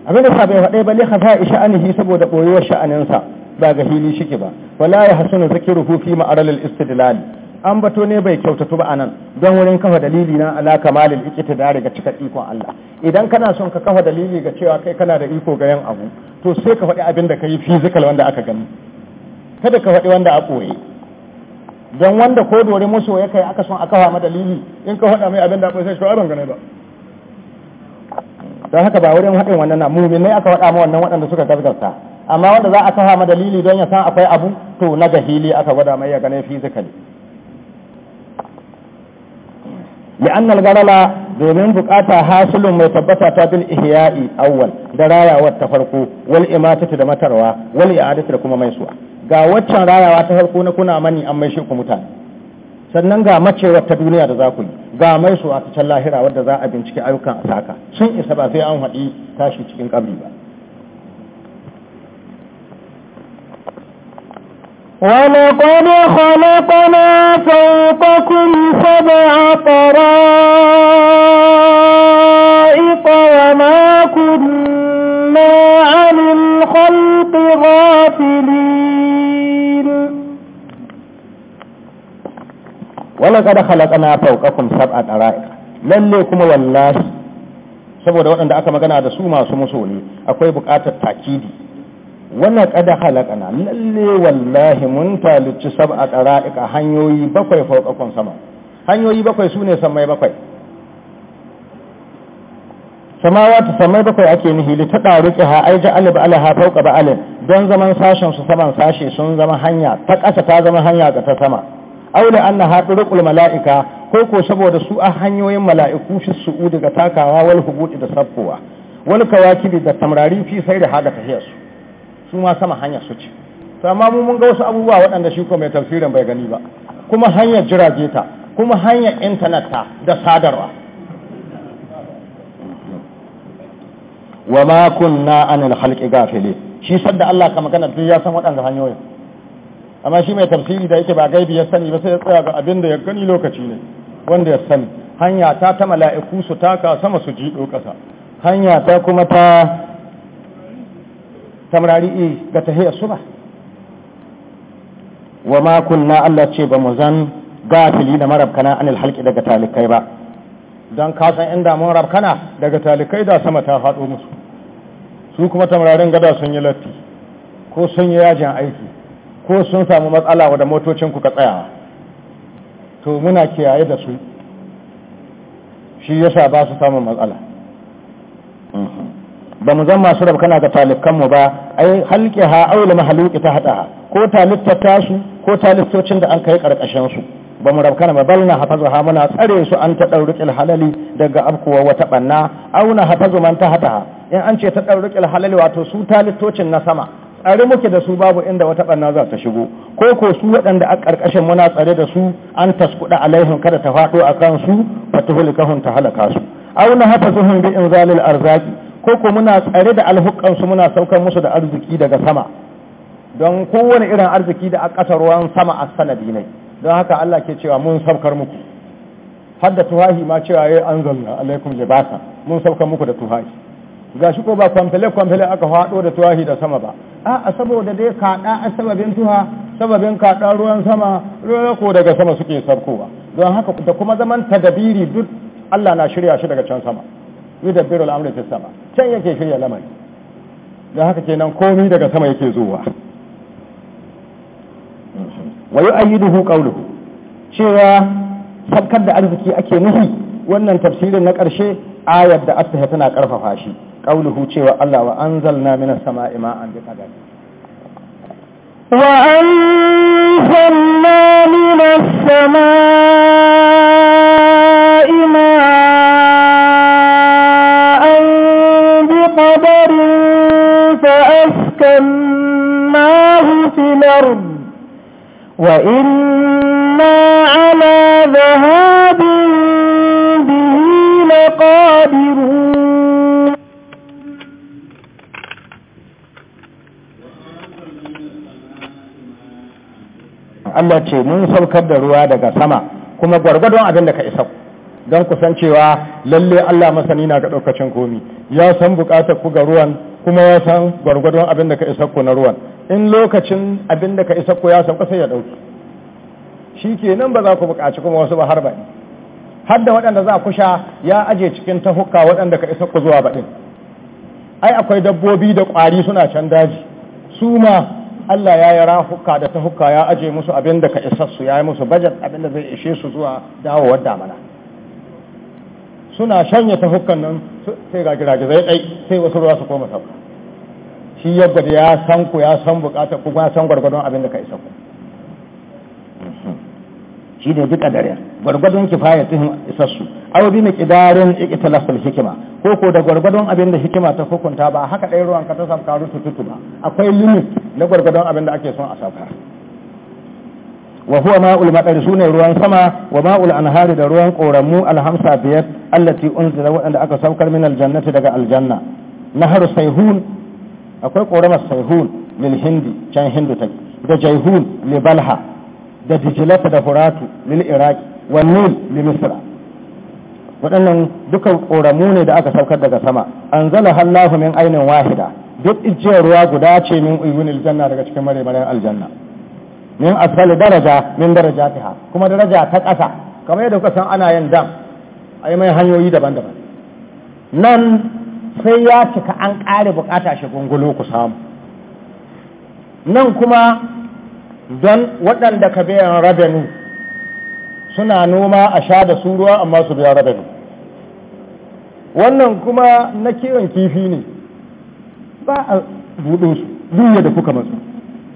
abin da sabai faɗai ba a khafa sha'anihi saboda ɓoyewar sha'aninsa ba ga hili shike ba wala ya hasuna zikiruhu fi ma'aral istidlal an bato ne bai kyautatu ba anan don wurin kafa dalili na ala kamalil iqtidari ga cikar ikon Allah idan kana son ka kafa dalili ga cewa kai kana da iko ga yan abu to sai ka faɗi abin da kai physical wanda aka gani kada ka faɗi wanda a koye don wanda ko dore musu ya kai aka son a kafa ma dalili in ka faɗa mai abin da akwai sai shi ban gane ba don haka ba wurin haɗin wannan na mumin ne aka faɗa ma wannan waɗanda suka gazgarta amma wanda za a kafa ma dalili don ya san akwai abu to na jahili aka gwada mai ya gane physically li'annal galala domin bukata hasulun mai tabbata ta bil ihya'i awwal da rayawa ta farko wal imatati da matarwa wal i'adatu da kuma mai suwa ga waccan rayawa ta farko na kuna mani an mai shi ku mutane sannan ga macewar ta duniya da za ku yi ga mai suwa ta can lahira wadda za a bincike ayyukan asaka sun isa ba sai an haɗi tashi cikin kabri ba ولقد خلقنا فوقكم سبع طرائق وما كنا عن الخلق غافلين ولقد خلقنا فوقكم سبع طرائق lalle والناس wallahi saboda waɗanda aka magana da su masu musu ne akwai buƙatar takidi wannan kada halakana lalle wallahi mun taluci sab'a qara'ika hanyoyi bakwai fawqakon sama hanyoyi bakwai sune samai bakwai samawati samai bakwai ake nihi ta tadaruki ha ai ja'al ba'alaha fawqa ba'alin don zaman sashen su saman sashe sun zama hanya ta ƙasa ta zama hanya ga ta sama aula haɗu turuqul mala'ika ko ko saboda su a hanyoyin mala'iku shi su daga takawa wal hubuti da sabkowa wal kawakibi da tamrari fi sai da haga tafiyarsu su ma sama hanyar su ce to amma mu mun ga wasu abubuwa waɗanda shi ko mai tafsirin bai gani ba kuma hanyar jirage ta kuma hanyar intanet ta da sadarwa wa ma kunna anil halqi gafile shi sadda Allah ka magana duk ya san waɗanda hanyoyin amma shi mai tafsiri da yake ba gaibi ya sani ba sai ya tsaya ga abin da ya gani lokaci ne wanda ya sani hanya ta ta mala'iku su taka sama su jiɗo ƙasa hanya ta kuma ta samrari e ga tahiyar su ba wa ma kunna Allah ce ba mu zan gafili na marabkana anil halki daga talikai ba don kasan inda mun rabkana daga talikai da sama ta faɗo musu su kuma tamrarin gada sun yi latti ko sun yi yajin aiki ko sun samu matsala wadda motocin ku ka tsaya to muna kiyaye da su shi yasa ba su samun matsala ba mu zama su rabkana ga talikanmu ba ai halke ha aula mahaluki ta hada ko talitta tasu ko talittocin da an kai karkashin su ba mu rabkana ba balna hafazu ha muna tsare su an ta daurukil halali daga abkuwa wata banna auna hafazu man ta hada in an ce ta daurukil halali wato su talittocin na sama tsare muke da su babu inda wata banna za ta shigo ko ko su waɗanda a karkashin muna tsare da su an taskuɗa alaihim kada ta faɗo akan su kahun ta halaka su auna hafazuhum bi inzalil arzaki ko ko muna tsare da alhukansu muna saukar musu da arziki daga sama don kowane irin arziki da a ƙasa ruwan sama a sanadi ne don haka Allah ke cewa mun saukar muku har da tuhahi ma cewa ya eh, anzalna alaikum libasa mun saukar muku da tuhahi gashi ko ba kwamfale kwamfale aka faɗo da tuhahi da sama ba a saboda dai kaɗa a sababin tuha sababin kaɗa ruwan sama ruwan ko daga sama suke saukowa." don haka da kuma zaman tadabiri duk Allah na shirya shi daga can sama yudabbiru al'amri fi sama can yake shirya lamari da haka kenan komi daga sama yake zuwa wa duhu qawluhu cewa sabkar da arziki ake nufi wannan tafsirin na ƙarshe ayar da attaha tana ƙarfafa shi qawluhu cewa Allah wa anzalna minas sama'i ma'an biqadar wa anzalna minas sama'i ma'an مكناه في الأرض وإنا على ذهاب به لقادرون Allah ce mun saukar da ruwa daga sama kuma gwargwadon abin da ka isa don kusancewa lalle Allah masani na ga ɗaukacin komi ya san buƙatar ku ga ruwan kuma ya san gwargwadon abin da ka isa ku na ruwan in lokacin abin da ka isa ku ya sauka sai ya dauki shi kenan ba za ku buƙaci kuma wasu ba har baɗi har da waɗanda za ku sha ya aje cikin tahuka waɗanda ka isa ku zuwa baɗin ai akwai dabbobi da ƙwari suna can daji su ma Allah ya yi rahuka da tahuka ya aje musu abin da ka isa su ya yi musu bajet abin da zai ishe su zuwa dawowar damana suna shanya hukkan nan sai ga gira zai dai sai wasu ruwa su koma sauka shi yadda da ya san ku ya san bukata ku ya san gwargwadon abin da ka isa ku shi ne duka dare gwargwadon kifaya ta isassu awa bi kidarin iqtilafil hikima ko ko da gwargwadon abin da hikima ta hukunta ba haka dai ruwan ka ta sabka tututu ba akwai limit na gwargwadon abin da ake son a saukar wa huwa ma'ul madar su ruwan sama wa ma'ul anhari da ruwan ƙoramu alhamsa biyar allati unzila waɗanda aka saukar min aljannati daga aljanna nahar sayhun akwai ƙoramar sayhun lil hindi can hindu ta da jayhun li balha da dijilata da furatu lil iraq wa nil li misra waɗannan duka ƙoramu ne da aka saukar daga sama anzala zala hallahu min ainin wahida duk ijiyar ruwa guda ce min uyunil janna daga cikin mare aljanna min asfali daraja min darajatiha kuma daraja ta ƙasa kamar yadda kuka ana yin dam a yi mai hanyoyi daban-daban nan sai ya cika an ƙare bukata shi gungulo ku samu nan kuma don waɗanda ka biyan rabenu suna noma a sha da su ruwa amma su biya rabenu wannan kuma na kiwon kifi ne ba a buɗe su duniya da kuka masu.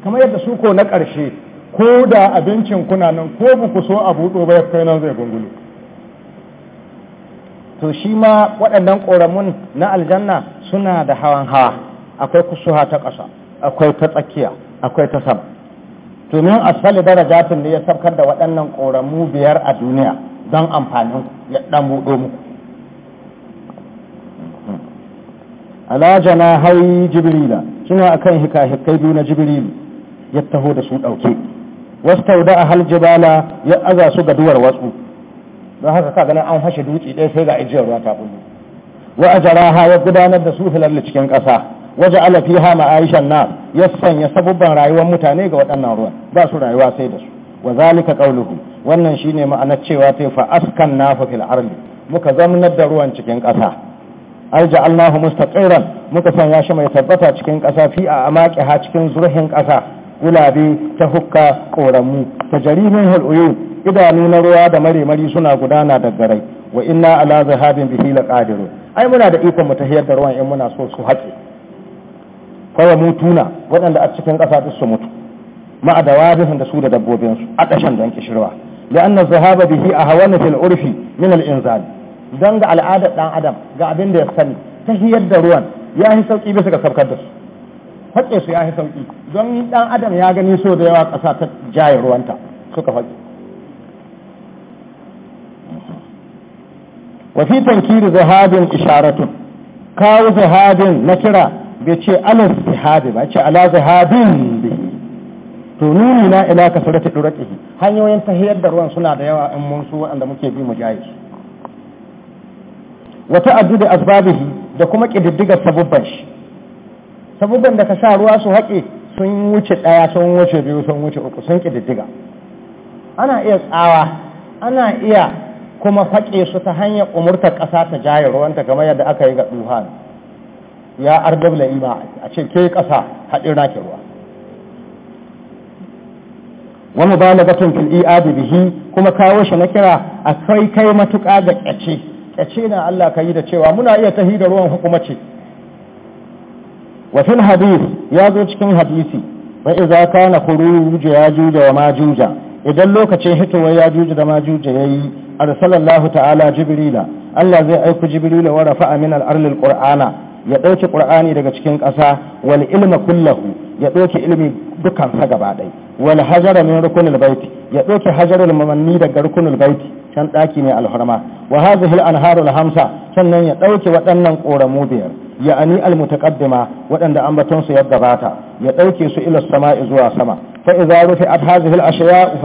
kamar yadda su ko na ƙarshe ko da abincin kuna nan ko ba ku so a buɗo ba ya kai nan zai gungulu to shi ma waɗannan ƙoramun na aljanna suna da hawan hawa akwai kusuha ta ƙasa akwai ta tsakiya akwai ta sama to asali darajatin da ya sabkar da waɗannan ƙoramu biyar a duniya don amfanin ya ɗan buɗo muku ala jana hai jibrila suna akan hika-hikai biyu na jibrilu ya taho da su ɗauke wasu da a haljibala ya aza su ga duwar wasu don haka ka ganin an hashe dutse ɗaya sai ga ajiyar ruwa ta bullo wa ya gudanar da su filal cikin ƙasa waje ala fiha ma'aishan na ya sanya sabubban rayuwar mutane ga waɗannan ruwan ba su rayuwa sai da su wa zalika qauluhu wannan shine ma'anar cewa ta fa askan nafa fil ardi muka zamanar da ruwan cikin ƙasa ai allahu mustaqiran muka sanya shi mai tabbata cikin ƙasa fi a amaki ha cikin zurhin ƙasa gulabe ta hukka ƙoramu ta jarimin hul'uyun idanu na ruwa da mare suna gudana da garai wa inna ala zahabin bihi la qadiru ai muna da ikon mu ta hiyar da ruwan in muna so su haƙe kawai tuna waɗanda a cikin ƙasa duk su mutu ma'a da wajihin da su da su a ƙashan don kishirwa bihi الذهاب fil urfi min al inzal dan ga al'adar dan adam ga abin da ya sani ta hiyar da ruwan ya yi sauki bisa ga sabkar da su faƙe su ya yi sauƙi don ɗan adam ya gani so da yawa ƙasa ta jaye ruwanta suka faƙi wafi tankiri zahabin isharatun kawo zahabin na kira bai ce ala zahabi ba ce ala zahabin da to nuni na ila ka sarata ɗuraƙihi hanyoyin tahiyar da ruwan suna da yawa in mun su waɗanda muke bi mu jaye su wata addu da asbabihi da kuma ƙididdigar sabubban shi sabubban da ka sa ruwa su haƙe sun wuce ɗaya sun wuce biyu sun wuce uku sun ƙididdiga ana iya tsawa ana iya kuma faƙe su ta hanyar umurtar ƙasa ta jaye ruwanta kamar yadda aka yi ga duhan ya yi ima a ce ke ƙasa haɗin ke ruwa Wani wa mubalagatun fil i'adi bihi kuma kawo shi na kira akwai kai matuƙa ga ƙyace ƙyace na Allah ka yi da cewa muna iya tahi da ruwan hukumaci wafin hadis ya zo cikin hadisi wa iza kana khuruj ya juja wa majuja idan lokacin hitowar ya juja da majuja yayi arsalallahu ta'ala jibrila Allah zai aiko jibrila wa rafa'a min al al-qur'ana ya ɗauki ƙur'ani daga cikin ƙasa wal ilma kullahu ya ɗauki ilmi dukkan sa gaba ɗai wal hajara min rukunul baiti ya ɗauki hajarul mamanni daga rukunul baiti can ɗaki ne alhurma wa hadhihi al anharul hamsa sannan ya ɗauki waɗannan ƙoramu biyar ya ani al mutaqaddima waɗanda ambaton su ya gabata ya ɗauke su ila sama'i zuwa sama fa idza rufi'at hadhihi al ashya'u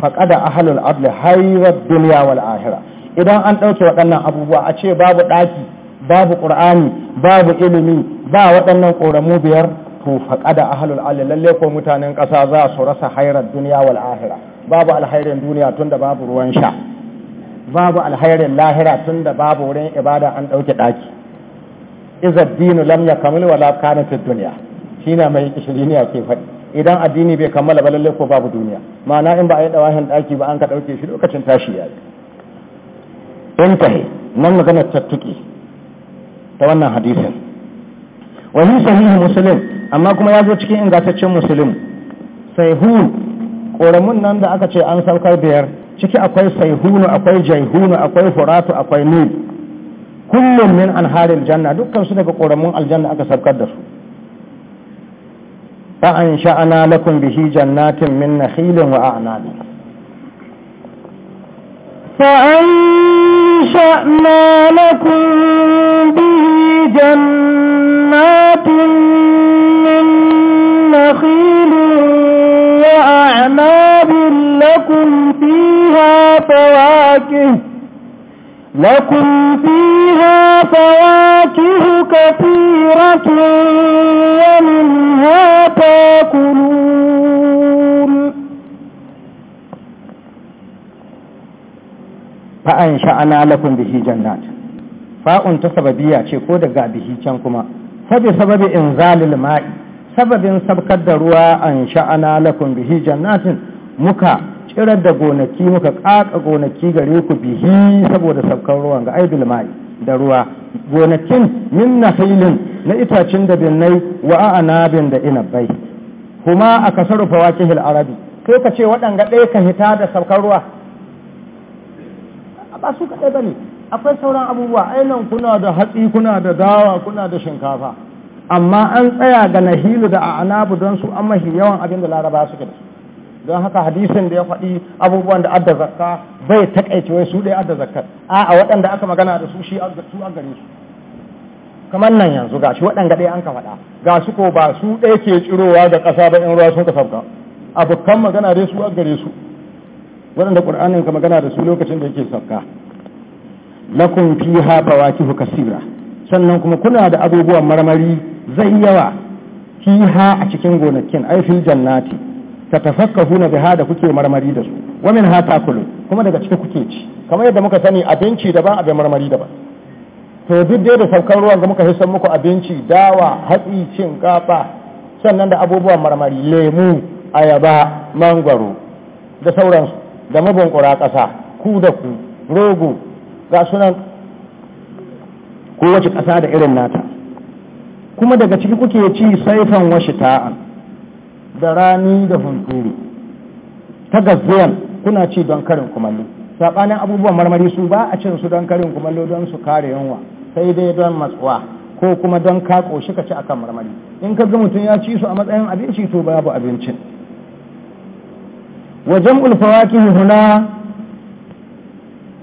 faqad a ahlul adl hayra dunya wal ahira idan an ɗauke waɗannan abubuwa a ce babu ɗaki babu qur'ani babu ilimi ba waɗannan ƙoramu biyar to faqada ahlul alli lalle ko mutanen ƙasa za su rasa hairar duniya wal ahira babu alhairin duniya tunda babu ruwan sha babu alhairin lahira tunda babu wurin ibada an ɗauke ɗaki iza dinu lam yakmil wala kana fi dunya shine mai kishiriniya ke faɗi idan addini bai kammala ba lalle ko babu duniya ma'ana in ba a yi dawahin ɗaki ba an ka ɗauke shi lokacin tashi ya yi in nan magana tattuki ta wannan hadisin wani sahihi musulun amma kuma ya zo cikin ingantaccen musulun saihun ƙoramun nan da aka ce an saukar biyar ciki akwai saihunu akwai hunu akwai furatu akwai nil kullum min anharil janna dukkan su daga ƙoramun aljanna aka saukar da su an sha'ana lakum bihi jannatin min nakhilin wa a'nabi فأنشأنا لكم جنات من نخيل وأعناب لكم فيها فواكه لكم فيها فواكه كثيرة ومنها تاكلون فأنشأنا لكم به جنات fa'un ta sababiyya ce ko daga bihi can kuma sabi sababi in zalil ma'i sababin sabkar da ruwa an sha'ana lakun bihi jannatin muka cirar da gonaki muka ƙaƙa gonaki gare ku bihi saboda sabkar ruwan ga aidul ma'i da ruwa gonakin min na filin na itacin da binnai wa anabin da inabbai kuma a kasar fawakihil arabi sai ka ce waɗanga ɗaya ka hita da sabkar ruwa ba su kaɗai ba ne akwai sauran abubuwa ainihin kuna da hatsi kuna da dawa kuna da shinkafa amma an tsaya ga nahilu da anabu don su an mahi yawan abin da laraba ke da su don haka hadisin da ya faɗi abubuwan da adda zakka bai takaice wai su ɗaya adda zakka a a waɗanda aka magana da su shi su a gare su kamar nan yanzu gashi waɗanda ɗaya an ka faɗa ga su ko ba su ɗaya ke tsirowa da ƙasa ba in ruwa sun ka sabka abokan magana dai su a gare su waɗanda ƙur'anin ka magana da su lokacin da yake sauka. lakum fiha fawakihu kasira sannan kuma kuna da abubuwan marmari zai yawa fiha a cikin gonakin ai fil jannati tatafakkahuna biha da kuke marmari da su wa min ha kulu kuma daga cikin kuke ci kamar yadda muka sani abinci daban abin marmari daban to duk dai da saukan ruwan da muka hisan muku abinci dawa hatsi cin kafa sannan da abubuwan marmari lemu ayaba mangwaro da sauransu da mabunkura ƙasa ku da ku rogo ga sunan kowace ƙasa da irin nata kuma daga ciki kuke ci saifan washi ta'an da rani da hunturu ta gazzuwan kuna ci don karin kumallo saɓanin abubuwan marmari su ba a cin su don karin kumallo don su kare yunwa sai dai don matsuwa ko kuma don ka ƙoshi ka ci akan marmari in ka ga mutum ya ci su a matsayin abinci to babu abincin wajen ulfawaki huna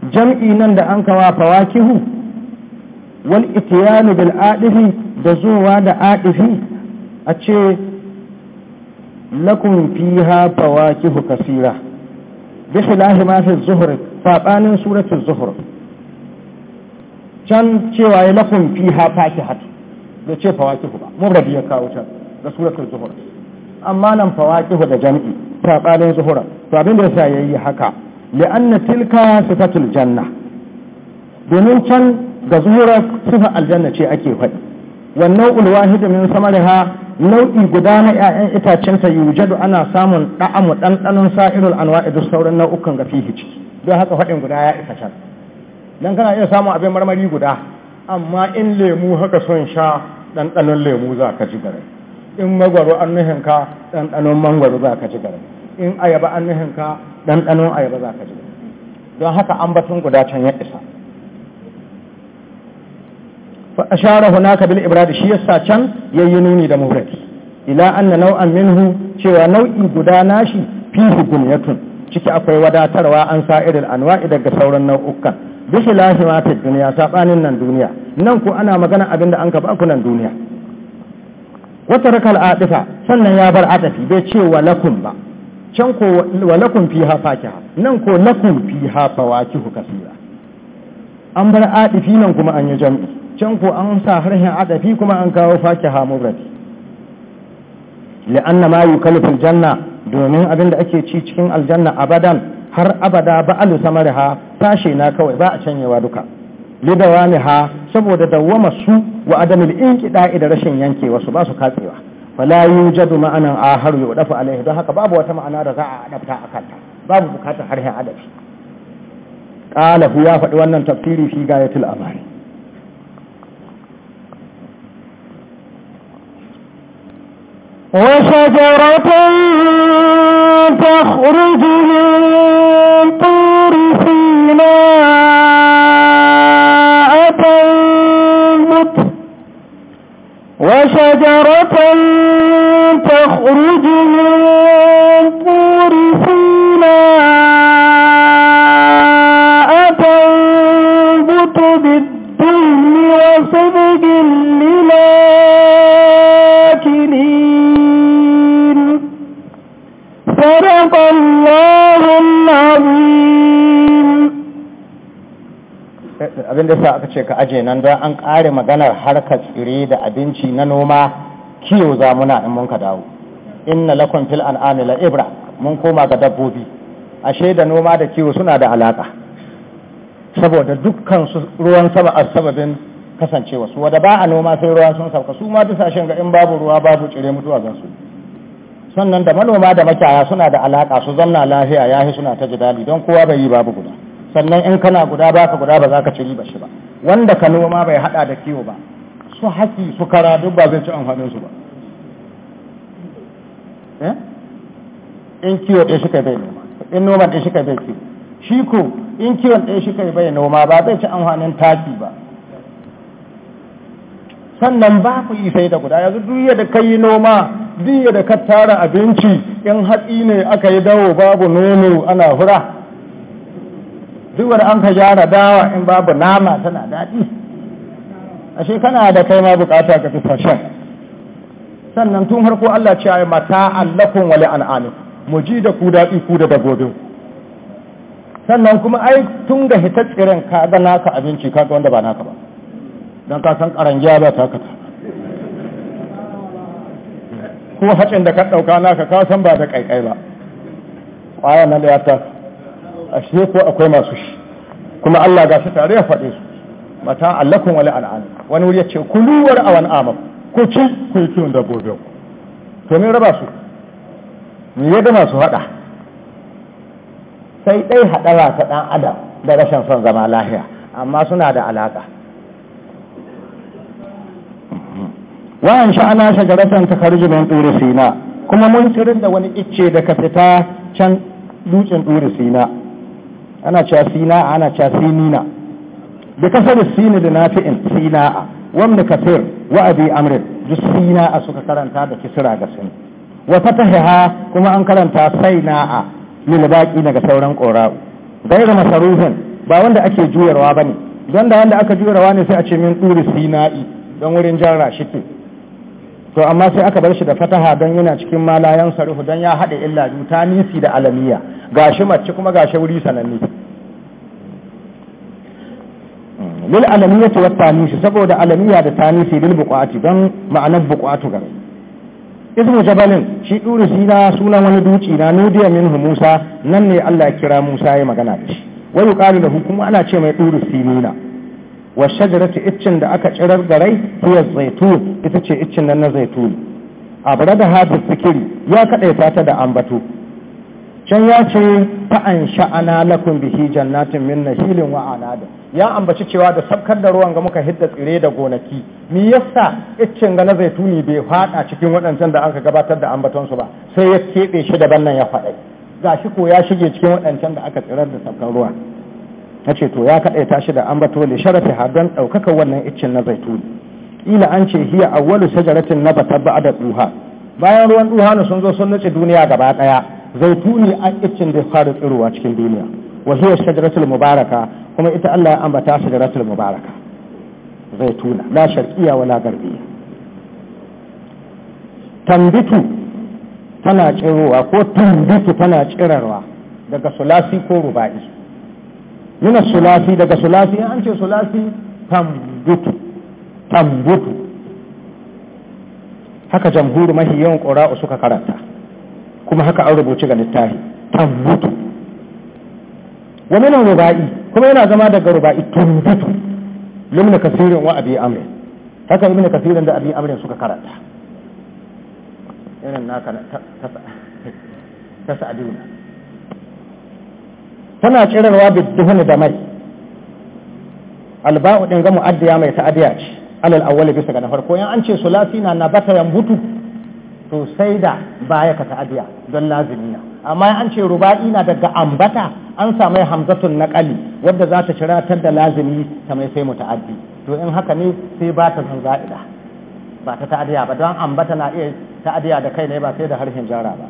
jam'i nan da an kawa fawakihu wal itiyanu bil adifi da zuwa da adifi a ce lakum fiha fawakihu kasira bi khilafi ma fi zuhur sabanin suratul zuhur can cewa ya lakum fiha fakihat da ce fawakihu ba rabi ya kawo ta da suratul zuhur amma nan fawakihu da jam'i sabanin zuhura to abin da yasa yayi haka li'anna tilka sifatul janna domin can ga zuhura sifa aljanna ce ake faɗi wannan ulwahidu min samariha nau'i guda na 'ya'yan itacen ta ana samun da'amu ɗanɗanon sa'irul anwa'i duk sauran nau'ukan ga fihi don haka faɗin guda ya isa can dan kana iya samun abin marmari guda amma in lemu haka son sha ɗanɗanon lemu za ka ji garai in magwaro an nuhinka ɗanɗanon mangwaro za ka ji garai in ayaba an nuhinka ɗanɗanon ayaba za ka ji don haka an batun guda can ya isa fa ashara hunaka bil ibrad shi yasa can ya yi nuni da mufradi ila anna nau'an minhu cewa nau'i guda nashi fihi gunyatun ciki akwai wadatarwa an sa irin anwa'i daga sauran nau'ukan bishi lahi ma duniya sabanin nan duniya nan ku ana magana abin da an ka ku nan duniya wata rakal adifa sannan ya bar adafi bai ce wa lakum ba can ko wa lakum fiha fakiha nan ko lakum fiha fawakihu kasira an bar adifi nan kuma an yi jam'i can ko an sa harhin adafi kuma an kawo fakiha mubrati li'anna ma yukallifu janna domin abin da ake ci cikin aljanna abadan har abada ba alu samariha tashe na kawai ba a canyewa duka Lidawani Ha saboda dawwama su wa adamil inqida'i da rashin yankewa su ba su katsewa فلا يوجد معنى آخر يؤدف عليه ده هكا بابو وتم أنا رزاع أدفتا أكتا بابو بكاتا حريه عدف قال هو فتوانا تفسيري في غاية الأمان وشجرة تخرج من طور سيناء تنبت وشجرة تخرج من yasa aka ce ka aje nan don an ƙare maganar harkar tsire da abinci na noma kiyo za muna in mun ka dawo inna lakum fil an'ami la ibra mun koma ga dabbobi ashe da noma da kiwo suna da alaka saboda dukkan su ruwan sama a sababin kasancewa su wanda ba a noma sai ruwa sun sauka su ma dusashen ga in babu ruwa babu tsire mutuwa zan su sannan da manoma da makiyaya suna da alaka su zanna lafiya yahi suna ta jidali don kowa bai yi babu guda sannan in kana guda baka guda ba za ka ci riba shi ba wanda ka noma bai hada da kiwo ba su haki su kara duk ba zai ci amfanin su ba eh? in kiwo ɗaya shi kai bai noma in noma ɗaya shi kai bai kiwo shi ko in kiwon ɗaya shi kai bai noma ba zai ci amfanin taki ba sannan ba ku yi sai da guda yanzu duk yadda ka yi noma duk yadda ka tara abinci in hatsi ne aka yi dawo babu nono ana hura duk wani an ka gyara dawa in babu nama tana daɗi ashe kana da kai ma bukata ka fi fashion sannan tun harko Allah ce ya mata allakun wale an'ani mu ji da ku daɗi ku da dagobe sannan kuma ai tun ga hita tsirin ka ga naka abinci ka ga wanda ba naka ba don ka san karangiya ba ta kata ko hacin da ka ɗauka naka ka san ba da ƙaiƙai ba ƙwayar nan da ya ta A ashe ko akwai masu shi kuma Allah ga shi tare ya faɗe su mata allakun wani al'ani wani wuri ya ce ku luwar a wani amam ko ci ku yi kiwon dabbobin to ne raba su me ya gama su haɗa sai ɗai haɗara ta ɗan adam da rashin son zama lahiya amma suna da alaƙa wa'an sha'ana shagaratan ta karji min ɗuri sina kuma mun tsirin da wani icce da ka fita can dutsen ɗuri sina ana cewa sina'a ana cewa sinina da kasar sini da nafi'in sina'a wanda kafir wa abi amrin duk sina'a suka karanta da kisra ga sun wa fataha kuma an karanta saina'a lil baqi daga sauran qura'u gaira masarufin ba wanda ake juyarwa bane don da wanda aka juyarwa ne sai a ce min duri sina'i don wurin jarra shi to amma sai aka bar shi da fataha don yana cikin malayan saruhu don ya haɗa illa biyu ta nisi da alamiya gashi mace kuma gashi wuri sananne lil alamiya ta wata nisi saboda alamiya da ta nisi lil buƙati don ma'anar buƙatu gare ismu jabalin shi ɗuri na sunan wani duci na nudiya musa nan ne allah kira musa ya magana da shi wani ƙari da hukumu ana ce mai ɗuri sinina wa shajarati iccin da aka cirar da rai hiya zaitun ita ce iccin nan na zaitun abra da hafi fikiri ya kadaita ta da ambato can ya ce ta'an sha'ana lakum bihi jannatin min nahilin wa anada ya ambaci cewa da sabkar da ruwan ga muka hidda tsire da gonaki mi yasa iccin ga na zaituni bai fada cikin waɗancan da aka gabatar da ambaton su ba sai ya keɓe shi daban nan ya faɗai gashi ko ya shige cikin waɗancan da aka tsirar da sabkar ruwa na ce to ya kaɗaita shi da ambato da sharafi ha don ɗaukaka wannan iccin na zaituni ila an ce hiya awwalu shajaratin ba da duha bayan ruwan duha sun zo sun nace duniya gaba ɗaya zaituni an iccin da fara tsirowa cikin duniya wa hiya shajaratul mubaraka kuma ita Allah ya ambata shajaratul mubaraka zaituna la sharqiyya wala garbi tambitu tana tsirowa ko tambitu tana tsirarwa daga sulasi ko ruba'i Mina sulasi daga sulasi an ce sulasi tambutu tambutu haka jamhuri mahi yawan ƙura'u suka karanta kuma haka an rubuci ga littafi tambutu wa min ruba'i kuma yana zama daga ruba'i tambutu limna kasirin wa abi amrin haka ibn kasirin da abi amrin suka karanta irin naka ta sa'aduna tana cirarwa bi duhun da mai alba'u din ga mu'addiya mai ta'adiya ce alal awwali bisa ga na farko in an ce sulasi na nabata butu to sai da baya ka ta'adiya don lazimi na amma an ce ruba'i na daga ambata an samu hamzatun naqali wadda za ta shiratar da lazimi ta mai sai muta'addi to in haka ne sai ba ta san za'ida ba ta ta'adiya ba don ambata na iya ta'adiya da kai ne ba sai da harshen jara ba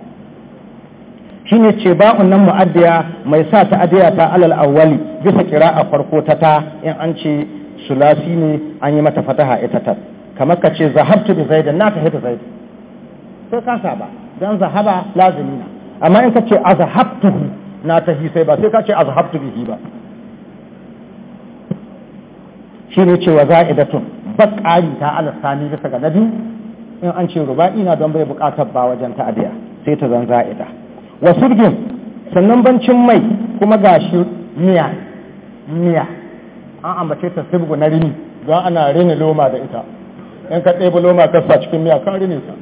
shine ce ba'un nan mu'addiya mai sa ta adiya ta alal awwali bisa a farko ta ta in an ce sulasi ne an yi mata fataha ita ta kamar ka ce zahabtu bi zaidan na tafi da zaidan sai ka saba dan zahaba lazimi na amma in ka ce azhabtu na tafi sai ba sai ka ce azhabtu bihi ba shine cewa za'idatun bakari ta alal sani bisa ga nabi in an ce ruba'i na don bai bukatar ba wajen ta'adiya sai ta zan za'ida wa sirgin sannan bancin mai kuma ga shi miya miya an ambace ta sirgu na rini don ana rini loma da ita in ka ɗebi loma ka cikin miya ka rini ta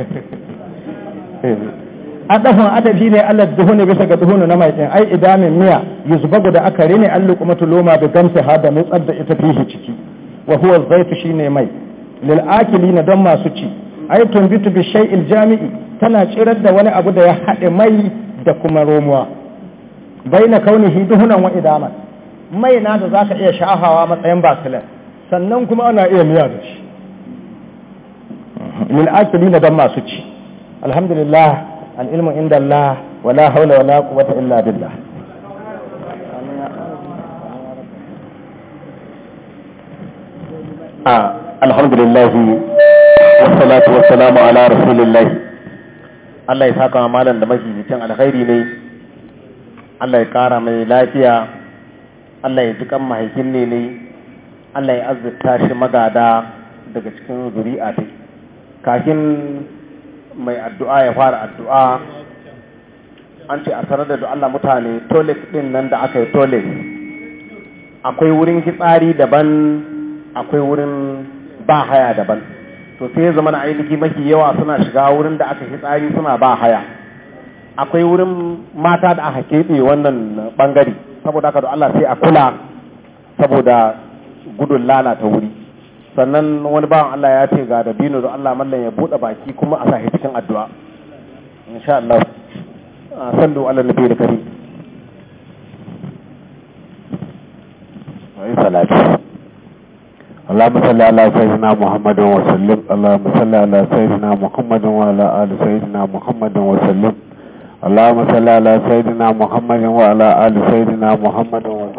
<laughs> adafin adafi ne allah duhuni bisa ga duhuni na mai ɗin ai idamin miya zuba guda aka rini an lukumatu loma da gamsa ha da nutsar da ita fihi ciki wa huwa zaitu shine mai lil'akili na don masu ci ai tumbitu bi shay'il jami'i tana tsirar da wani abu da ya haɗe mai da kuma romuwa baina kaunihi duhunan wa idama mai na da zaka iya shahawa matsayin basilin sannan kuma ana iya miya da shi lil na dan masu ci alhamdulillah al ilmu inda Allah wala haula wala quwwata illa billah ah, alhamdulillah wassalatu wassalamu ala rasulillah Allah ya saka malam da jikin alkhairi ne Allah ya kara mai lafiya Allah ya jikan mahaifin ne ne Allah ya azurta shi magada daga cikin zuri'a ta kakin mai addu'a ya fara addu'a an ce a tare da Allah mutane toilet din nan da aka yi tolik akwai wurin fitsari daban akwai wurin ba haya daban to sai ya zama na ainihi mafi yawa suna shiga wurin da aka tsari suna ba haya akwai wurin mata da aka keɓe wannan bangare saboda haka da Allah sai a kula saboda gudun lana ta wuri sannan wani bawan Allah ya ce ga da dino da Allah mallan ya buɗe baki kuma a sahi cikin addu'a insha Allah da Allah nabi da karim salatu اللهم صل على سيدنا محمد وسلم اللهم صل على سيدنا محمد وعلى ال سيدنا محمد وسلم اللهم صل على سيدنا محمد وعلى ال سيدنا محمد وسلم